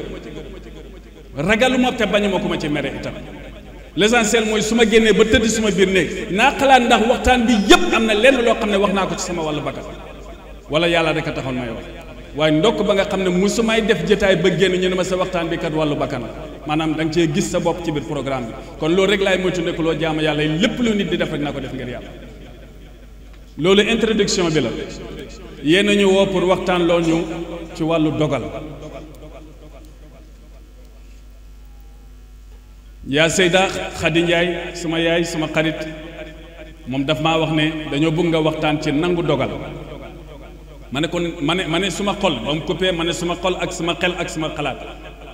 ragaluma te bañuma ku ma ci mere itam les l'essentiel mooy su ma génnee ba tëdd suma biir néeg naa xalaat ndax waxtaan bi yëpp am na lenn loo xam ne wax naa ko ci sama wàllu bakkan wala yàlla rek a taxoon may wax waaye ndokk ba nga xam ne musumaay def jataay ba génn ñu ne ma sa waxtaan bi kat wàllu bakkan maanaam da nga cee gis sa bopp ci biir programme bi kon loolu rek laay moytu nekk loo jaamu yàlla yi lépp lu nit di def rek naa ko def ngir yàlla loolu introduction bi la yéen ñëw woo pour waxtaan loo ñu ci wàllu dogal yaa Seyda Xadi Njaay suma yaay suma xarit moom daf maa wax ne dañoo bëgg nga waxtaan ci nangu dogal ma ne kon ma ne ma ne suma xol ba mu coupé ma ne suma xol ak suma xel ak suma xalaat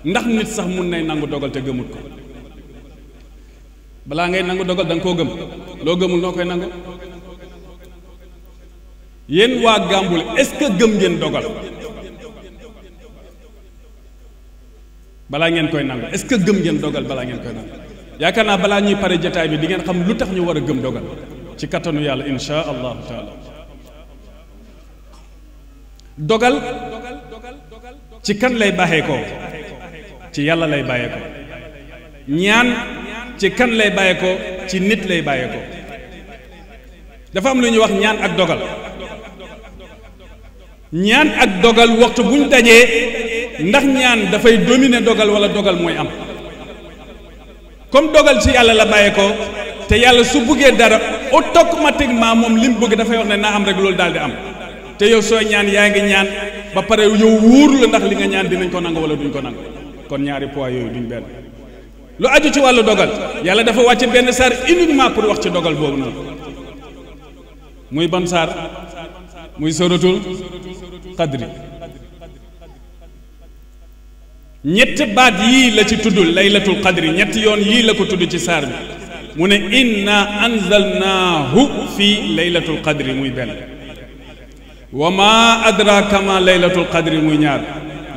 ndax nit sax mun nay nangu dogal te gëmut ko balaa ngay nangu dogal danga koo gëm loo gëmul noo koy nangu yéen waa Gàmbul est-ce que gëm ngeen dogal balaa ngeen koy nangu est-ce que gëm ngeen dogal balaa ngeen koy nangu yaakaar naa balaa ñuy pare jataay bi di ngeen xam lu tax ñu war a gëm dogal ci kattanu yàlla insha allahu taala dogal ci kan lay baaxee ko ci yàlla lay bàyyee ko ñaan ci kan lay bàyyee ko ci nit lay bàyyee ko dafa am lu ñuy wax ñaan ak dogal ñaan ak dogal waxtu bu ñu dajee ndax ñaan dafay dominer dogal wala dogal mooy am comme dogal ci yàlla la bàyyee ko te yàlla su buggee dara toq automatiquement moom li mu bëgg dafay wax ne naa am rek loolu daal di am te yow sooy ñaan yaa ngi ñaan ba pare yow wóor la ndax li nga ñaan dinañ ko nangu wala duñ ko nangu kon ñaari poids yooyu duñ benn lu aju ci wàllu dogal yàlla dafa wàcce benn saar uniquement pour wax ci dogal boobu noonu muy ban saar muy suratul qadri ñett baat yii la ci tudd laylatul qadri ñett yoon yii la ko tudd ci saar bi mu ne inna anzalnaahu fii laylatul qadri muy benn wa ma adraka ma laylatul qadri muy ñaar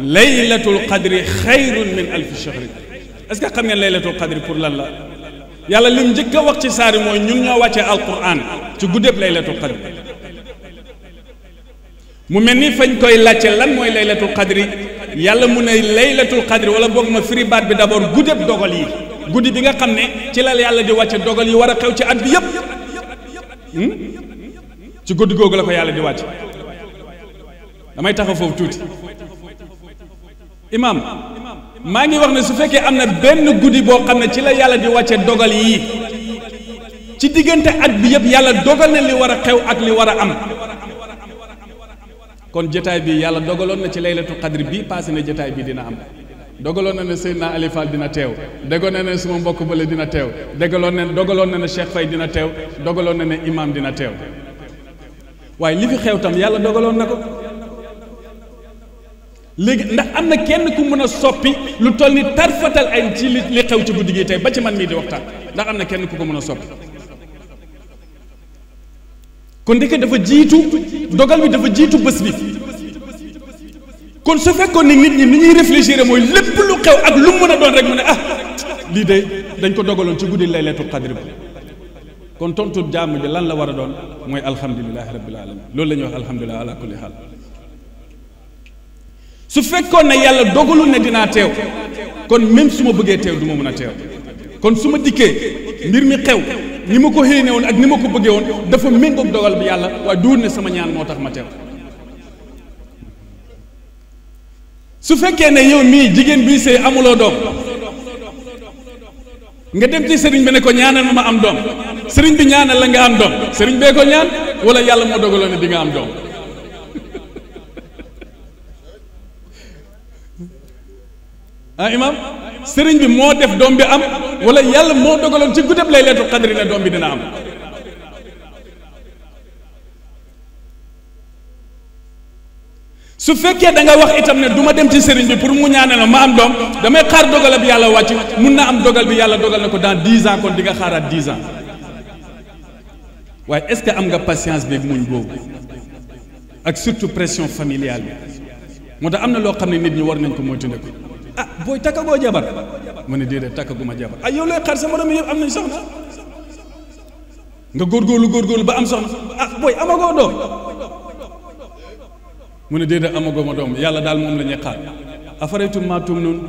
laylatul qadri xayrun min alfi shahri est que xam ngeen laylatul qadri pour lan la yàlla lim njëkk a wax ci saari mooy ñun ñoo wàccee alquran ci guddeeb laylatul qadri mu mel ni fañ koy laajte lan mooy laylatul qadri yàlla mu ne laylatul qadri wala boog ma firi baat bi d'abord guddeeb dogal yi guddi bi nga xam ne ci la yàlla di wàcce dogal yi war a xew ci at bi yëpp hmm? ci guddi googu la ko yàlla di wàcce damay taxaw foofu tuuti imaam maa ngi wax ne su fekkee am na benn guddi boo xam ne ci la yàlla di wàcce dogal yii ci diggante at bi yëpp yàlla dogal na li war a xew ak li war a am kon jotaay bi yàlla dogaloon na ci laylatul qadri bi passé na jotaay bi dina am dogaloon na ne Seydina Ali Fall dina teew dogaloon na ne suma mbokk bële dina teew dogaloon na ne dogaloon na ne Cheikh Faye dina teew dogaloon na ne imam dina teew waaye li fi xew tam yàlla dogaloon na ko. léegi ndax am na kenn ku mën a soppi lu toll ni tarfatal ay ci li xew ci guddi gi tey ba ci man mii di waxtaan ndax am na kenn ku ko mën a soppi kon ndeke dafa jiitu dogal bi dafa jiitu bés bi kon su fekkoon ni nit ñi ni ñuy réfléchir mooy lépp lu xew ak lu mën a doon rek mu ne ah lii de dañ ko dogaloon ci guddi laylatul qadr bi kon tontu jaamu ji lan la war a doon mooy alhamdulilahi rabbil alamin loolu la ñuy wax alhamdulilah ala kulli xaal su fekkoon ne yàlla dogalul ne dinaa teew kon même su ma bëggee teew du ma mën a teew kon su ma dikkee mbir mi xew ni ma ko xéene woon ak ni ma ko bëggee woon dafa méngoog dogal bi yàlla waaye duur ne sama ñaan moo tax ma teew su fekkee ne yow mii jigéen bii sëy amuloo doom nga dem ci sëriñ bi ne ko ñaanal ma ma am doom sëriñ bi ñaanal la nga am doom sëriñ bee ko ñaan wala yàlla moo dogaloon ne di am doom ah imaam sëriñ bi moo def doom bi am wala yàlla moo dogaloon ci guddeb laylatul qadri ne doom bi dina am su fekkee da nga wax itam ne du ma dem ci sëriñ bi pour mu ñaanee la ma am doom damay xaar dogal bi yàlla wàcc mun na am dogal bi yàlla dogal na ko dans dix ans kon di nga xaaraat dix ans waaye est-ce que am nga patience beeg muñ boobu ak surtout pression familiale bi moo tax am na loo xam ne nit ñi war nañ ko moytandiku. ah booy takkagoo jabar mu ne déedéet takkaguma jabar ay ah, yow lay xaar sama morom yëpp am nañ soxna nga góor góorgóorlu góorgóorlu ba am soxna ah booy amagoo doom mu ne déedéet amagoo ma doom yàlla daal moom la ñuy xaar afaraytum maa tumnuun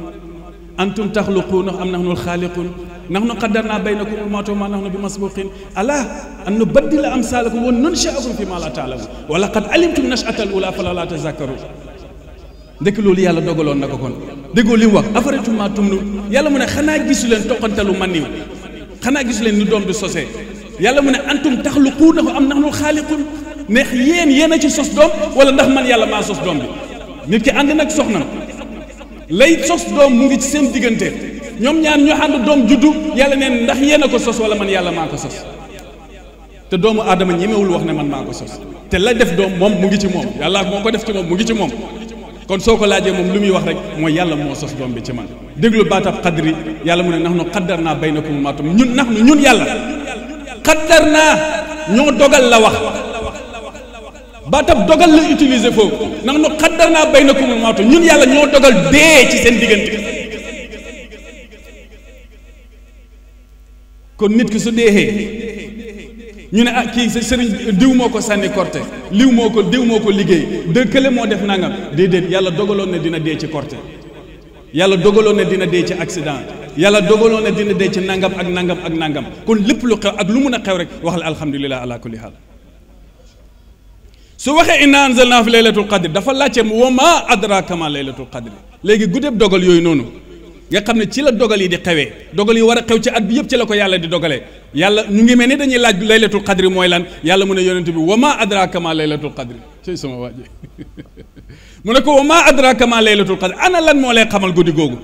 antum taxluquunahu am nahnu lxaaliquun nahnu qaddarnaa baynakumul mawta wa maa nahnu bi masbuuqiin alaa an nubaddila amsaalakum wa nunshi'akum fiimaa laa ta'lamuun wa laqad alimtum nash'atal uulaa la tazakkaruun ndekk loolu yàlla dogaloon na ko kon déggoo li mu wax afaratumaa tumnu yàlla mu ne xanaa gisu leen toqantalu maniw xanaa gisu leen ni doom du sosee yàlla mu ne antum taxluquunahu am naxnu xaaliqun neex yéen yéen a ci sos doom wala ndax man yàlla maa sos doom bi nit ki ànd nag soxna lay sos doom mu ngi ci seen diggante ñoom ñaar ñoo ànd doom juddu yàlla neen ndax yéen a ko sos wala man yàlla maa ko sos te doomu aadama ñemewul wax ne man maa ko sos te la def doom moom mu ngi ci moom yàlla moo ko def ci moom mu ngi ci moom kon soo ko laajee moom lu muy wax rek mooy yàlla moo sos doom bi ci man déglu baatab xadri yàlla mu ne nax nu xaddar naa bay na ko mu maatum ñun nax nu ñun yàlla naa ñoo dogal la wax baatab dogal la utiliser foofu nax nu xaddar naa bay na ko mu maatum ñun yàlla ñoo dogal dee ci seen diggante kon nit ki su deexee ñu ne ah kii sëriñ diw moko sànni corté liw moko ko diw moo ko liggéey de kële mo def nangam déedéet yàlla dogalon ne dina dé ci corté yàlla dogalon ne dina dé ci accident yàlla dogalon ne dina dé ci nangam ak nangam ak nangam kon lépp lu xew ak lu mëna xew rek waxal alhamdullilah ala kulli hal su waxe inna anzalna fi laylatul qadr dafa laccé wa ma adraka ma laylatul qadr légui gudeb dogal yoy noonu nga xamne ci la dogal yi di xewé dogal yi wara xew ci at bi yëpp ci la ko yàlla di dogalé yàlla ñu ngi melni dañuy laaj laylatul qadr moy lan yàlla mu ne yonent bi wama adraka ma laylatul qadr cey sama waji mu ne ko wama adraka ma laylatul qadr ana lan mo lay xamal gudi gogu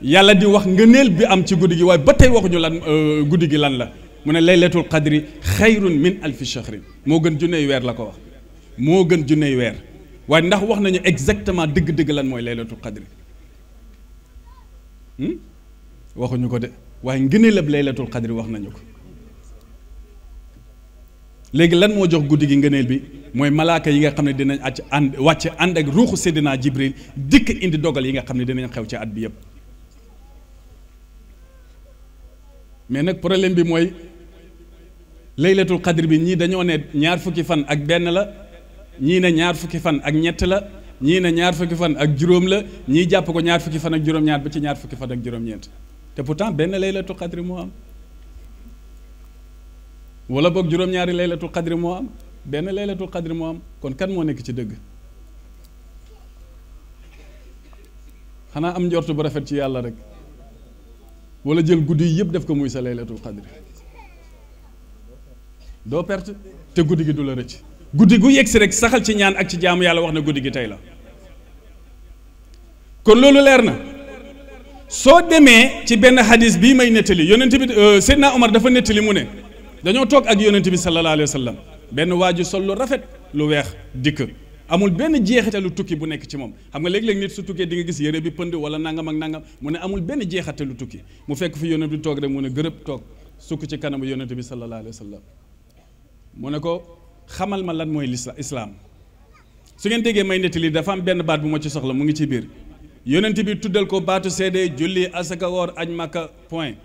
yàlla di wax nga neel bi am ci gudi gi way ba tey ñu lan gudi gi lan la mu ne laylatul qadr khairun min alf shahr mo gën junney wër la ko wax mo gën junney wër way ndax wax nañu exactement deug deug lan moy laylatul qadr Hmm? waxuñu ko de waaye ngëneelab laylatul xadri wax nañu ko léegi lan moo jox guddi gi ngëneel bi mooy malaaka yi nga xam ne dinañ àcc ànd wàcc ànd ak ruuxu naa Jibril dikk indi dogal yi nga xam ne dinañ xew ci at bi yëpp mais nag problème bi mooy laylatul xadri bi ñii dañoo ne ñaar fukki fan ak benn la ñii ne ñaar fukki fan ak ñett la ñii ne ñaar fukki fan ak juróom la ñii jàpp ko ñaar fukki fan ak juróom-ñaar ba ci ñaar fukki fan ak juróom-ñeent te pourtant benn laylatul qadri moo am wala boog juróom-ñaari laylatul qadri moo am benn laylatul qadri moo kon kan moo nekk ci dëgg xanaa am njortu bu rafet ci yàlla rek walla jël guddi yëpp def ko muy sa laylatul qadri doo perte te guddi gi du la rëcc guddi gu yegsi rek saxal ci ñaan ak ci jaamu yàlla wax na guddi gi tey la kon loolu leer na soo demee ci benn xadis bii may nettali yonent bi euh, Seydina Omar dafa nettali mu ne dañoo toog ak yonent bi sallallahu alayhi wa sallam benn waaju sol lu rafet lu weex dikk amul benn jeexitalu tukki bu nekk ci moom xam nga léeg-léeg nit su tukkee di nga gis yére bi pënd wala nangam ak nangam mu ne amul benn jeexitalu tukki mu fekk fi yonent bi toog rek mu ne gërëb toog sukk ci kanamu yonent bi sallallahu alayhi wa xamal ma lan mooy islaam su ngeen déggee may nettali dafa am benn baat bu ma ci soxla mu ngi ci biir yonent bi tuddal ko baatu seede julli asaka woor aj makka point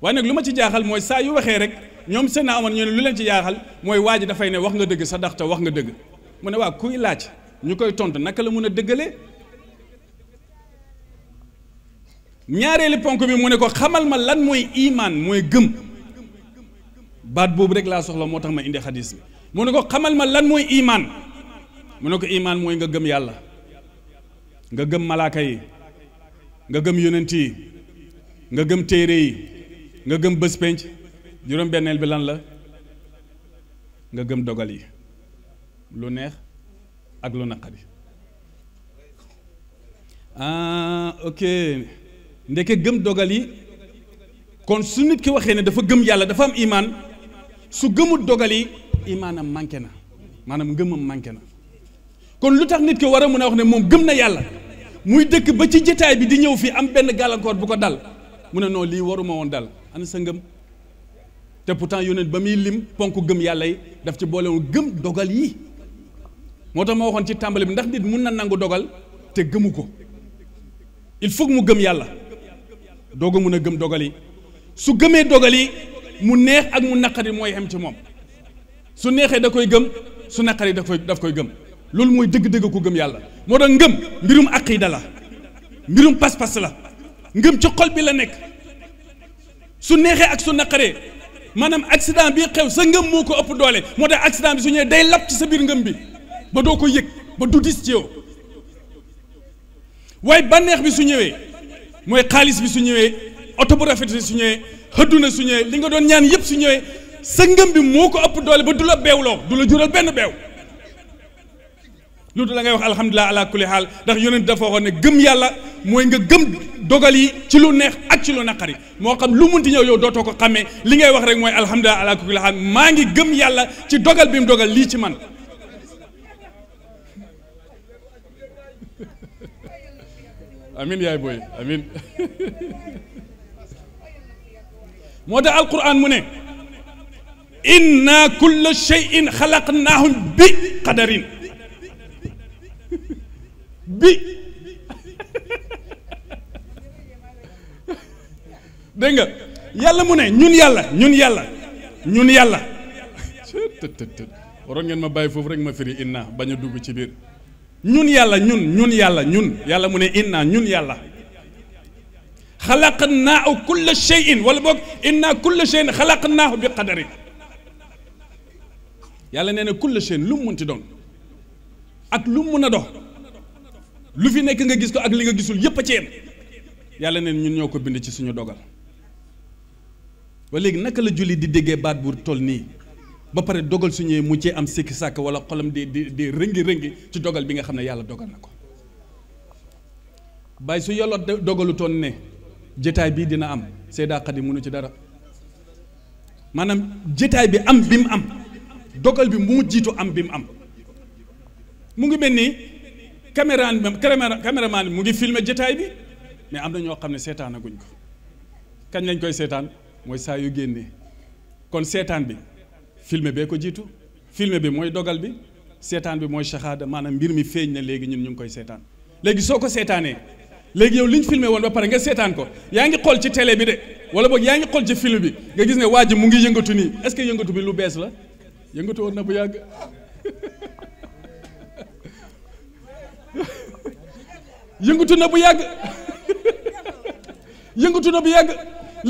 waaye nag lu ma ci jaaxal mooy saa yu waxee rek ñoom seen amoon ñu ne lu leen ci jaaxal mooy waa ji dafay ne wax nga dëgg sa daxta wax nga dëgg mu ne waa kuy laaj ñu koy tontu naka la mun a dëggale ñaareeli ponk bi mu ne ko xamal ma lan mooy imaan mooy gëm baat boobu rek laa soxla moo tax ma indi mu ne ko xamal ma lan mooy imaan mu ne ko imaan mooy nga gëm yàlla nga gëm malaaka yi nga gëm yonent yi nga gëm téere yi nga gëm bës pénc juróom benneel bi lan la nga gëm dogal yi lu neex ak lu naqari ah ok ndeke gëm dogal yi kon su nit ki waxee ne dafa gëm yàlla dafa am imaan su gëmut dogal yi imaanam manqué na maanaam ngëmam manqué na kon lu tax nit ki war a mun a wax ne moom gëm na yàlla muy dëkk ba ci jataay bi di ñëw fii am benn gàllankoor bu ko dal mu ne non lii waruma woon dal ana sa ngëm te pourtant yonent ba muy lim ponk gëm yàlla yi daf ci boole woon gëm dogal yi moo tax ma waxoon ci tàmbali bi ndax nit mun na nangu dogal te gëmu ko il faut mu gëm yàlla doo ko mun a gëm dogal yi su gëmee dogal yi mu neex ak mu naqari mooy xem ci moom su neexee da koy gëm su naqaree da koy daf koy gëm loolu mooy dëgg-dëgg ko gëm yàlla moo tax ngëm mbirum aqiida la mbirum pas-pas la ngëm ci xol bi la nekk su neexee ak su naqaree maanaam accident bi xew sa ngëm moo ko ëpp doole moo tax accident bi su ñëwee day lap ci sa biir ngëm bi ba doo ko yëg ba du ci yow waaye bànneex bi su ñëwee mooy xaalis bi su ñëwee oto bu rafet su ñëwee na su ñëwee li nga doon ñaan yëpp su ñëwee sa ngëm bi moo ko ëpp doole ba du la beewloo du la jural benn beew lu la ngay wax alhamdulilah ala kulli xaal ndax yonent dafa waxoon ne gëm yàlla mooy nga gëm yi ci lu neex ak naqari moo xam lu dootoo ko xamee li ngay wax rek mooy alhamdulilah ala kulli maa ngi gëm yàlla ci dogal bi mu dogal lii ci man amin yaay booy amin moo tax alquran mu ne inna kulla shay'in xalaqnaahu bi qadarin bi dégg nga yàlla mu ne ñun yàlla ñun yàlla ñun yàlla waroon ngeen ma bàyyi foofu rek ma firi inna bañ dugg ci biir ñun yàlla ñun ñun yàlla ñun yàlla mu ne inna ñun yàlla naa aw kulla shay'in wala boog inna kulla shay'in xalaqnaahu bi qadarin yàlla nee na kulla lu mu mun munti doon ak lu mu mun a dox lu fi nekk nga gis ko ak li nga gisul yépp a ci yàlla neen ñun ñoo ko bind ci suñu dogal ba léegi naka la julli di déggee baat bu toll nii ba pare dogal suñu mu cee am sikki sàkk wala xolam di di di rëngi rëngi ci dogal bi nga xam ne yàlla dogal na ko bàyyi su yàlla dogalu toon ne jëtaay bii dina am Seyda Xadi mënu ci dara maanaam jataay bi am bi mu am dogal bi mu jiitu am bi mu am mu ngi mel ni caméra caméraman bi mu ngi filmer jotaay bi mais am na ñoo xam ne seetaanaguñ ko kañ lañ koy seetaan mooy saa yu génne kon seetaan bi filmer bee ko jiitu filmer bi mooy dogal bi seetaan bi mooy shahada maanaam mbir mi feeñ na léegi ñun ñu ngi koy seetaan léegi soo ko seetaanee léegi yow li ñu filmé woon ba pare nga seetaan ko yaa ngi xool ci télé bi de wala boog yaa ngi xool ci film bi nga gis ne waa ji mu ngi yëngatu nii est-ce que yëngatu bi lu bees la. yëngatu woon na bu yàgg yëngatu na bu yàgg yëngatu na bu yàgg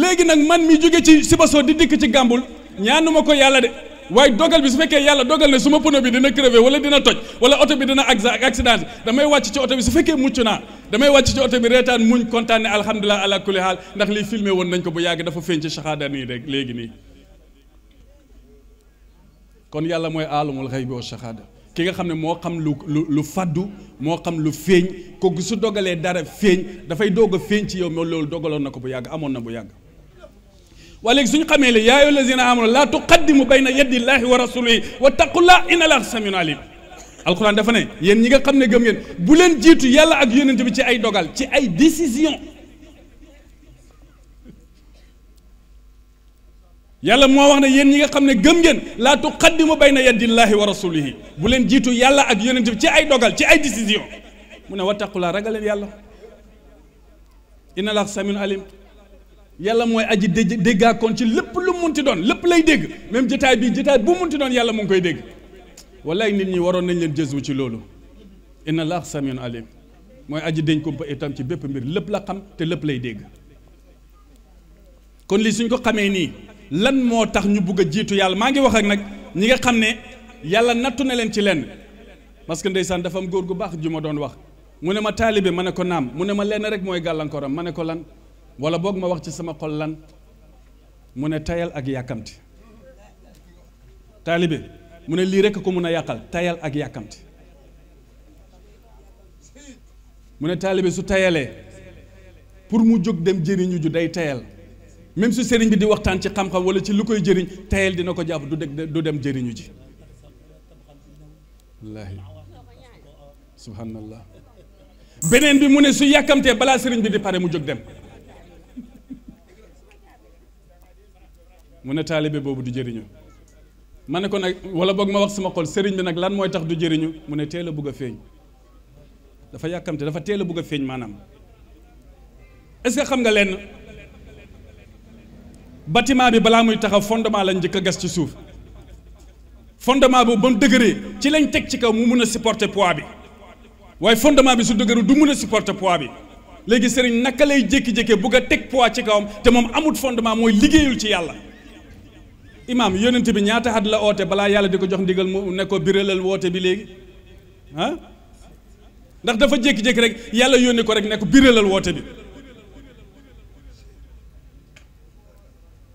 léegi nag man mi jóge ci Sibassor di dikk ci Gàmbul ñaanuma ko yàlla de waaye dogal bi su fekkee yàlla dogal ne su ma pono bi dina crevé wala dina toj wala oto bi dina accident damay wàcc ci oto bi su fekkee mucc naa damay wàcc ci oto bi reetaan muñ kontaan ne alhamdulilah ala kulli haal ndax lii filmé woon nañ ko bu yàgg dafa feeñ ci shahada nii rek léegi nii kon yàlla moy aalamul ghaibi wa shahada ki nga xamne mo xam lu lu faddu mo xam lu feñ ko gu su dogalé dara feñ da fay a feñ ci yow mo lol dogalon nako bu yag amon na bu yag walik léegi suñu xamee la yaa ayyuha allazina amanu la tuqaddimu bayna yadi llahi wa rasulihi wa taqullah inna llaha samiun alim alquran da fa ne yen ñi nga xamne gëm ngeen bu len jitu yàlla ak yonent bi ci ay dogal ci ay décision yàlla moo wax ne yéen ñi nga xam ne gëm ngeen laa tuqaddimu bayna yadillahi wa rasulihi bu leen jiitu yàlla ak yonent bi ci ay dogal ci ay décision mu ne wattaqulaa ragal leen yàlla inna laa samin alim yàlla mooy aji dé déggaakoon ci lépp lu munti doon lépp lay dégg même jotaay bi jotaay bu munti doon yàlla mu ngi koy dégg wallaay nit ñi waroon nañ leen jëswu ci loolu inna laa samin alim mooy aji déñ ko itam ci bépp mbir lépp la xam te lépp lay dégg kon lii suñ ko xamee nii lan moo tax ñu bugg a jiitu yàlla maa ngi wax ak nag ñi nga xam ne yàlla nattu na leen ci lenn parce que ndeysaan dafa am góor gu baax ju ma doon wax mu ne ma taalibe ma ne ko naam mu ne ma lenn rek mooy gàllankooram ma ne ko lan wala boog ma wax ci sama xol lan mu ne tayal ak yàkkamti taalibe mu ne lii rek ko mun a yàqal tayal ak yàkkamti mu ne taalibe su tayalee pour mu jóg dem jëriñu ju day tayal même su sëriñ bi di waxtaan ci xam-xam wala ci lu koy jëriñ tayel dina ko jàpp du deg du dem jëriñu ji wallaahi subhanallah beneen bi mu ne su yàkkamtee balaa sëriñ bi di pare mu jóg dem mu ne taalibe boobu du jëriñu ma ne ko nag wala boog ma wax sama xol sëriñ bi nag lan mooy tax du jëriñu mu ne teel a bugg a feeñ dafa yàkkamte dafa teela bugg a feeñ maanaam est xam nga lenn bâtiment bi balaa muy taxaw fondement lañ njëkk a gas ci suuf fondement boobu ba mu dëgëree ci lañ teg ci kaw mu mun a supporter poids bi waaye fondement bi su dëgëru du mun a supporter poids bi léegi sëriñ naka lay jékki-jékkee bugg a teg poids ci kawam te moom amut fondement mooy liggéeyul ci yàlla. imaam yonent bi ñaata at la oote balaa yàlla di ko jox ndigal mu ne ko biralal woote bi léegi ah ndax dafa jékki-jékki rek yàlla yónni ko rek ne ko biralal woote bi.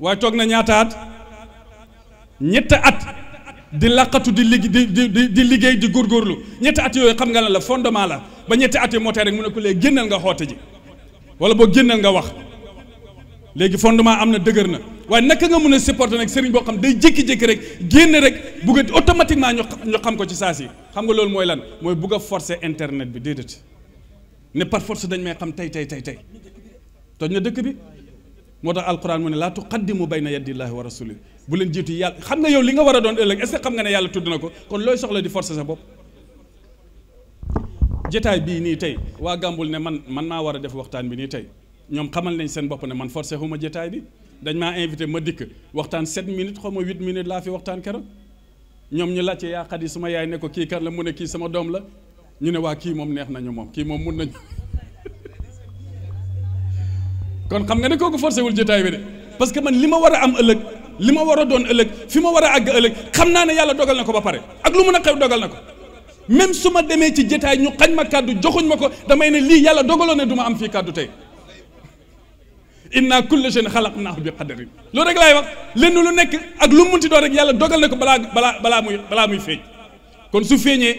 waaye toog na ñaata at ñett at di laqatu di lig di di di liggéey di góorgóorlu ñetti at yooyu xam nga la la fondement la ba ñetti at yi moo tax rek mu ne ko léegi génnal nga xoote ji wala boo génnal nga wax léegi fondement am na dëgër na waaye naka nga mën a supporter nag sëriñ boo xam day jékki-jékki rek génn rek bugg a automatiquement ñu xam ko ci saa si xam nga loolu mooy lan mooy bugg a forcer internet bi déedéet ne par force dañ may xam tey tey tey tey toj na dëkk bi. motax alquran mun la tuqaddimu bayna yadi yadillahi wa rasulih bu len jitu yàlla xam nga yow li nga wara don doon est ce xam nga ne yàlla tudd na ko kon loy soxla di forcer sa bop jetaay bi ni tay wa gàmbul ne man man ma wara def waxtan bi ni tay ñom xamal nañ sen bop ne man forcer huma jetaay bi dañ ma inviter ma dik waxtan 7 minutes xoma 8 minutes la fi waxtan kero ñom ñu laajte ya khadi suma yaay ne ko ki kan la mu ne ki sama dom la ñu ne wa ki mom neex nañu mom ki mom mu nañu kon xam nga ne kooku forcé wul jotaay bi de parce que man li ma war a am ëllëg li ma war a doon ëllëg fi ma war a àgg ëllëg xam naa ne yàlla dogal na ko ba pare ak lu mun a xew dogal na ko même su ma demee ci jotaay ñu xañ ma kàddu joxuñ ma ko damay ne lii yàlla dogaloon ne du ma am fii kàddu tey naa inna kulla shay'in xalaqnaahu bi qadarin loolu rek laay wax lenn lu nekk ak lu mu munti doon rek yàlla dogal na ko balaa balaa balaa muy balaa muy feeñ kon su feeñee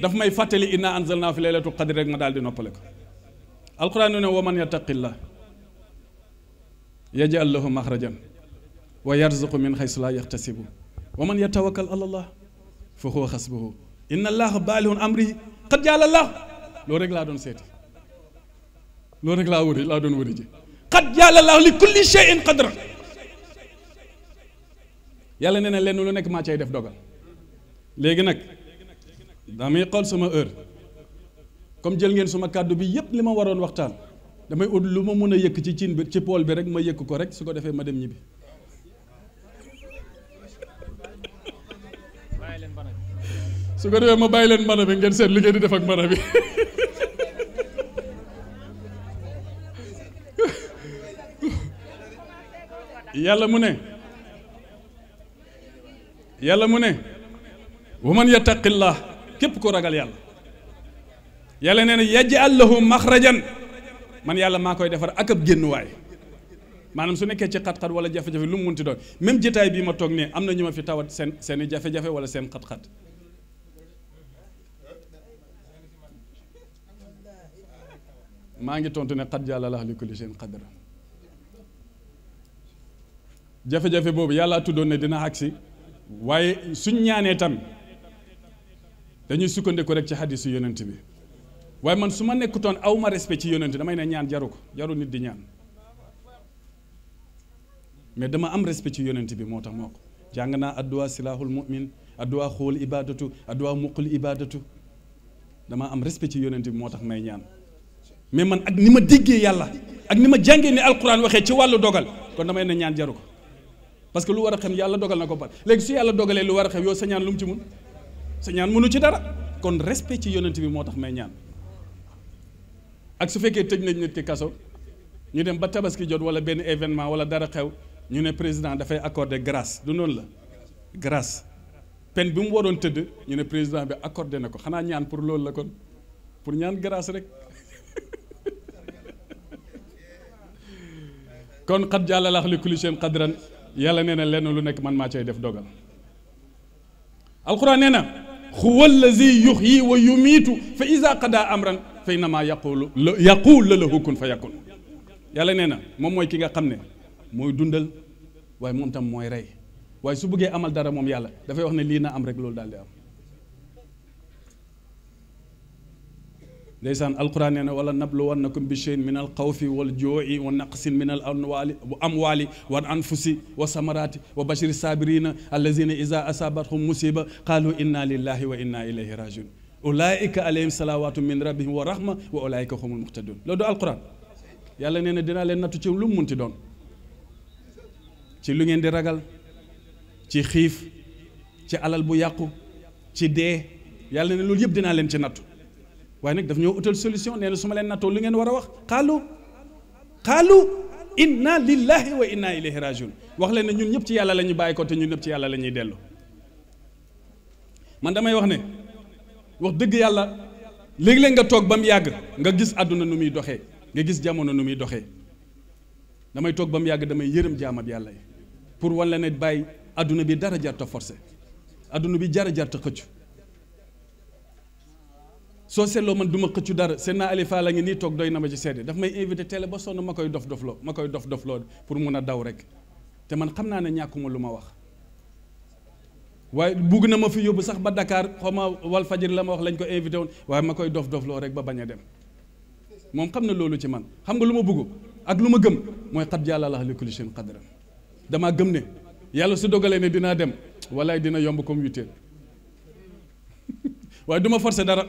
dafa may fàttali inna anzalnaahu fi laylatul qadri rek ma daal di noppale ko alquran ne wa man yattaqillah يجعل له مخرجا ويرزق من حيث لا يحتسب ومن يتوكل على الله فهو حسبه ان الله باله امره قد جعل الله لو رك لا دون سيتي لو رك لا وري لا دون وري جي. قد جعل الله لكل شيء قدر يلا نينا لين لو نيك ما تاي ديف دوغال لغي نك دامي قول سما اور كوم جيل نين سما كادو بي ييب لما وارون وقتان damay ut lu ma mën a yëkk ci cin bi ci pool bi rek ma yëkk ko rek su ko defee ma dem ñibbi su ko defee ma bàyyi leen mbana bi ngeen seet li ngeen di def ak mbana bi yàlla mu ne yàlla mu ne waman yattaqillah képp ko ragal yàlla yàlla nee na yaj'al lahu maxrajan man yàlla maa koy defar ak ab génnuwaay maanaam su nekkee ci xat-xat wala jafe-jafe lu mu munti doon même jataay bii ma toog ne am na ñu ma fi tawat seen seeni i jafe-jafe wala seen xat ngi tontu ne xat jàlla la li kulli seen xadra jafe-jafe boobu yàlla tuddoon ne dina agsi waaye suñ ñaanee tam dañuy sukkandiku rek ci xadisu yonent bi waye man suma ma nekkutoon respect ci yonent damay ne ñaan jaruko jaru nit di ñaan mais dama am respect ci yonent bi motax moko jangna adwa silahul mumin adwa khul ibadatu adwa muqul ibadatu dama am respect ci yonent bi motax may ñaan mais man ak ni diggé yalla ak nima jangé ni alquran waxé ci walu dogal kon damay ne ñaan jaruko parce que lu wara xam yalla dogal nako ba léegi su yalla dogalé lu wara xam yo sa ñaan lu mu ci mun sa ñaan mënu ci dara kon respect ci yonent bi motax may ñaan ak su fekkee tëj nañ nit ki kaso ñu dem ba tabaski jot wala benn événement wala dara xew ñu ne président dafay accorder grâce du noonu la grâce peine bi mu waroon tëdd ñu ne président bi accordé na ko xanaa ñaan pour loolu la kon pour ñaan grâce rek kon xat jàllalax li kulli seen xadran yàlla nee na lenn lu nekk man maa cay def dogal alxuraan nee na huwa allazi yuxyi wa yumiitu fa iza qada amran fa innamaa yaqulu yaquul la lahu kun fa yakun yàlla nee na moom mooy ki nga xam ne mooy dundal waaye moom tam mooy rey waaye su bëggee amal dara moom yàlla dafay wax ne lii na am rek loolu daal di am ndeysaan alquran nee na wala nabluwannakum bi cheyin min alxawfi wal jooi wa naqsin min al amwali wa amwali wal anfusi wa samarati wa bashiri sabirina allazina ida asabathum musiba qalu inna lillahi wa inna ilayhi rajiun ulaayika alayhim salawaatu min rabbihim wa rahma wa ulaayika humul muhtadun loolu du alquran yàlla nee na dinaa leen nattu ci lu mu munti doon ci lu ngeen di ragal ci xiif ci alal bu yàqu ci dee yàlla ne loolu yëpp dinaa leen ci nattu waaye nag daf ñoo utal solution nee na su ma leen nattoo lu ngeen war a wax xaalu xaalu inna lillahi wa inna ilayhi rajiun wax leen ne ñun ñëpp ci yàlla la ñu bàyyi ko te ñun ñëpp ci yàlla la ñuy dellu man damay wax ne wax dëgg yàlla léeg-léeg nga toog ba mu yàgg nga gis àdduna nu muy doxee nga gis jamono nu muy doxee damay toog ba mu yàgg damay yërëm jaamab yàlla yi pour walla ne bàyyi àdduna bi dara jarta forcé àdduna bi jara jarta xëccu soo seetloo man du ma xëccu dara seen naa Alifa la ngi nii toog doy na ma ci seede daf may invité tele ba sonn ma koy dof dofloo ma koy dof dofloo pour mun a daw rek te man xam naa ne ñàkkuma lu ma wax waaye bugg na ma fi yóbbu sax ba dakaar xaw ma wal fajir la ma wax lañ ko invité woon waaye ma koy dof dof loo rek ba bañ a dem moom xam ne loolu ci man xam nga lu ma bugg ak lu ma gëm mooy xat yàlla la li seen shay'in qadra damaa gëm ne yàlla su dogalee ne dinaa dem walaay dina yomb comme huit waaye du ma forcer dara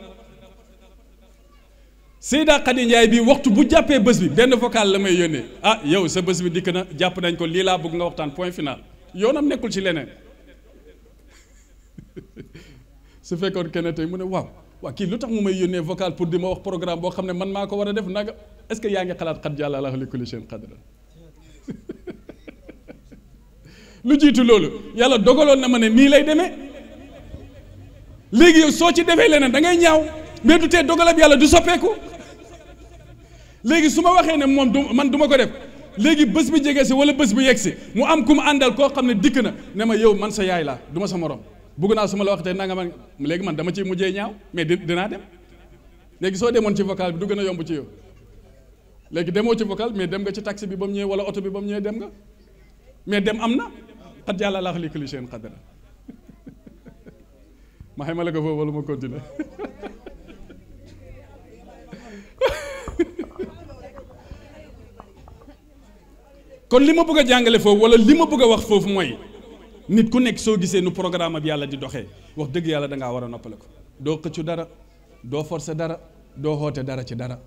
Seyda Khady Ndiaye bi waxtu bu jàppee bés bi benn vocal la may yónnee ah yow sa bés bi dikk na jàpp nañ ko lii laa bëgg nga waxtaan point final yoonam nekkul ci leneen. su fekkoon kenn tey mu ne waaw waaw kii lu tax mu may yónnee vocal pour di ma wax programme boo xam ne man maa ko war a def nag est-ce que yaa ngi xalaat xat jàll allahu li kulli shay'in lu jiitu loolu yàlla dogaloon na ma ne mii lay demee léegi yow soo ci defee leneen da ngay ñaaw mais du tee dogalab yàlla du soppeeku léegi su ma waxee ne moom du man duma ko def léegi bés bi jege si wala bés bu yegg si mu am ku mu àndal koo xam ne dikk na ne ma yow man sa yaay du ma sa morom. bugg naa suma la waxtee nanga man léegi man dama ci mujjee ñaaw mais di dinaa dem léegi soo demoon ci vocal bi du gën a yomb ci yow léegi demoo ci vocal mais dem nga ci taxi bi ba mu ñëwee wala oto bi ba mu ñëwee dem nga mais dem am na xat yàlla laax li kli seen xadara ma xamale ko foofu wala ma continuer kon li ma bëgg a jàngale foofu wala li ma bëgg a wax foofu mooy nit ku nekk soo gisee nu programme bi yàlla di doxee wax dëgg yàlla da war a noppale ko doo xëccu dara doo forcer dara doo xoote dara ci dara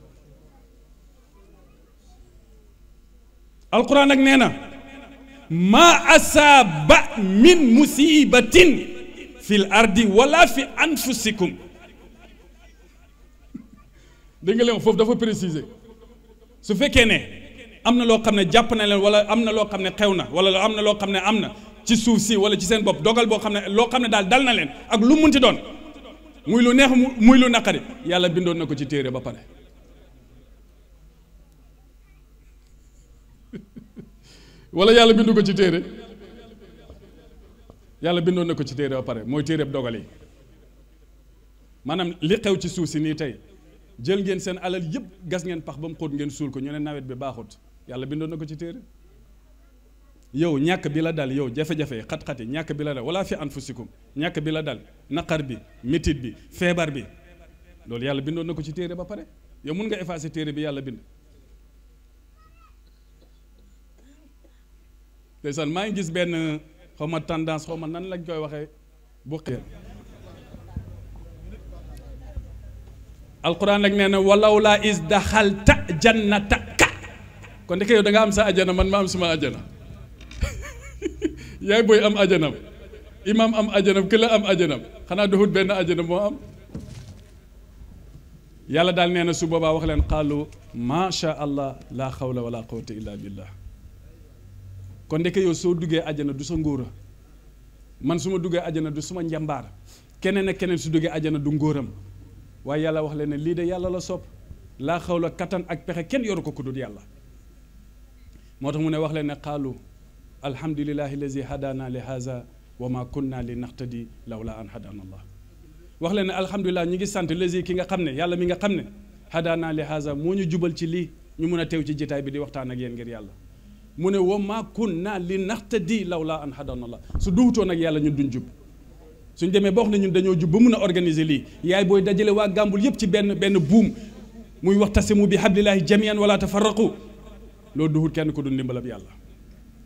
alquran nag nee na maa asaaba min musibatin fil ardi wala fi anfusikum dégg nga foofu dafa préciser su fekkee ne am na loo xam ne jàpp na leen wala am na loo xam ne xew na wala am na loo xam ne am na ci suuf si wala ci seen bopp dogal boo xam ne loo xam ne daal dal na leen ak lu munti doon muy lu neex muy lu naqari yàlla bindoon na ko ci téere ba pare wala yàlla bindu ci téere yàlla bindoon na ko ci téere ba pare mooy téere dogal yi maanaam li xew ci suuf si nii tey jël ngeen seen alal yëpp gas ngeen pax ba mu xóot ngeen suul ko ñu ne nawet bi baaxut yàlla bindoon na ko ci téere yow ñak bi la dal yow jafe-jafe khat khaté ñak bi la dal wala fi anfusikum ñak bi la dal naqar bi metit bi feebar bi loolu yalla bindon nako ci téré ba paré yow mën nga effacer téré bi yalla bind gis tendance xoma nan lañ koy waxé bu xëy alquran nag nee na walaw laa is daxalta jannata ka kon ndeke yow da nga am sa ajana man ma am ajana yaay booy am ajanam imaam am ajanam kële am ajanam xanaa doxut benn ajanam moo am yàlla daal nee na su boobaa wax leen xaalu macha allah laa xawla wala quwwata illa billah kon ndeke yow soo duggee ajana du sa ngóora man suma duggee ajana du suma njàmbaar keneen ak keneen su duggee ajana du ngóoram waaye yàlla wax leen ne lii de yàlla la sopp laa xaw la kattan ak pexe kenn yoru ko ku dul yàlla moo tax mu ne wax leen ne xaalu الحمد لله الذي هدانا لهذا wa ma kunna li naxtadi lawla an hadana allah wax leen ne alhamdulilah ñi ngi sant lesi ki nga xam ne yàlla mi nga xam ne hadana li haza moo ñu jubal ci lii ñu mun a teew ci jitaay bi di waxtaan ak yéen ngir yàlla mu ne wa ma kunna li naxtadi lawla an hadana allah su duutoon ak yàlla ñun duñ jub suñ demee ba wax ne ñun dañoo jub ba mun a organiser lii yaay booy dajale waa gàmbul yépp ci benn benn buum muy wax tasimu bi hablillahi jamian wala tafarraqu loolu duhut kenn ko du ndimbalab yàlla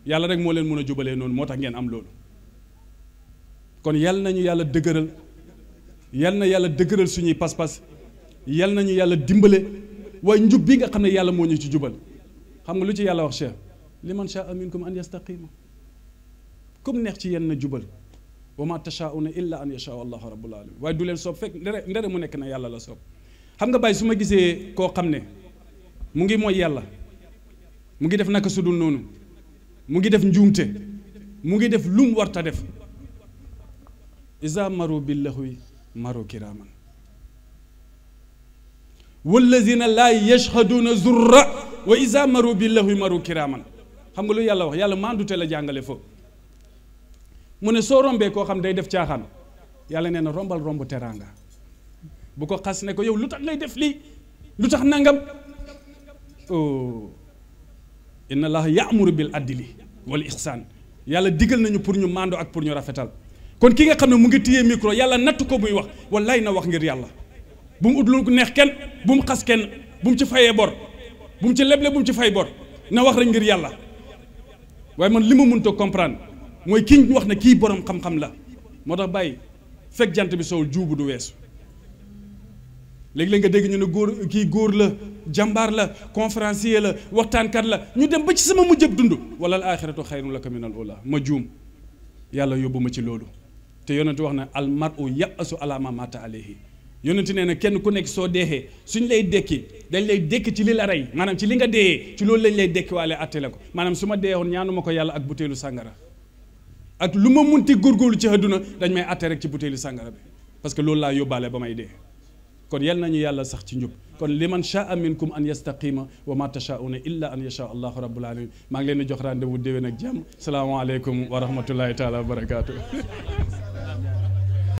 yàlla rek moo leen mën a jubalee noonu moo tax ngeen am loolu kon yal nañu yàlla dëgëral yal na yàlla dëgëral suñuy pas-pas yal nañu yàlla dimbale waaye njub bi nga xam ne yàlla moo ñu ci jubal xam nga lu ci yàlla wax cheikh liman shaa minkum an yastaqima kum neex ci yenn jubal wa ma tashauna illa an yashaa allahu rabbul alamin waaye du leen soob fekk ndere ndere mu nekk na yàlla la soob xam nga bàyyi su ma gisee koo xam ne mu ngi mooy yàlla mu ngi def naka su dul noonu mu ngi def njuumte mu ngi def lum warta def isa maru billaxwi maru kiraaman walladina laa yashhaduuna zurra wa isa maru billaxwi maru kiraaman xam nga lu yàlla wax yàlla mandute la jàngale fa mu ne soo rombee koo xam day def caaxaan yàlla nee na rombal romb teraanga bu ko xas ne ko yow lu tax ngay def lii lu tax nangam oh inna allaha yaamuru bil adli wal ihsaan yàlla diggal nañu pour ñu màndoo ak pour ñu rafetal kon ki nga xam ne mu ngi téye micro yàlla natt ko muy wax wallaay na wax ngir yàlla bu mu ut lu neex kenn bu mu xas kenn bu mu ci fayee bor bu mu ci leble bu mu ci fay bor na wax rek ngir yàlla waaye man li ma mënta comprendre mooy kii wax ne kii boroom xam-xam la moo tax bàyyi fekk jant bi sowul juubu du weesu léegi-léeg nga dégg ñu ne góor kii góor la jàmbaar la conférencier la waxtaankat la ñu dem ba ci sama mujjëb dund wala al axiratu xayrun laka min al ula ma juum yàlla yóbbu ma ci loolu te yonent wax na al mar'u ya'asu ala ma mata alayhi yonent nee na kenn ku nekk soo deexee suñ lay dekki dañ lay dekki ci li la rey maanaam ci li nga deeyee ci loolu lañ lay dekki waale ko maanaam su ma deexoon ñaanuma ko yàlla ak butéelu sàngara ak lu ma munti góorgóorlu ci àdduna dañ may atte rek ci butéelu sàngara bi parce que loolu laa yóbbaale ba may dee kon yal nañu yàlla sax ci njub kon liman shaa minkum an yastaqima wa ma tashauna illa an yasha allahu rabbul alamin maa ngi leen di jox rendez-vous déwén ak jàmm salaamaaleykum wa rahmatullahi taala wa barakaatu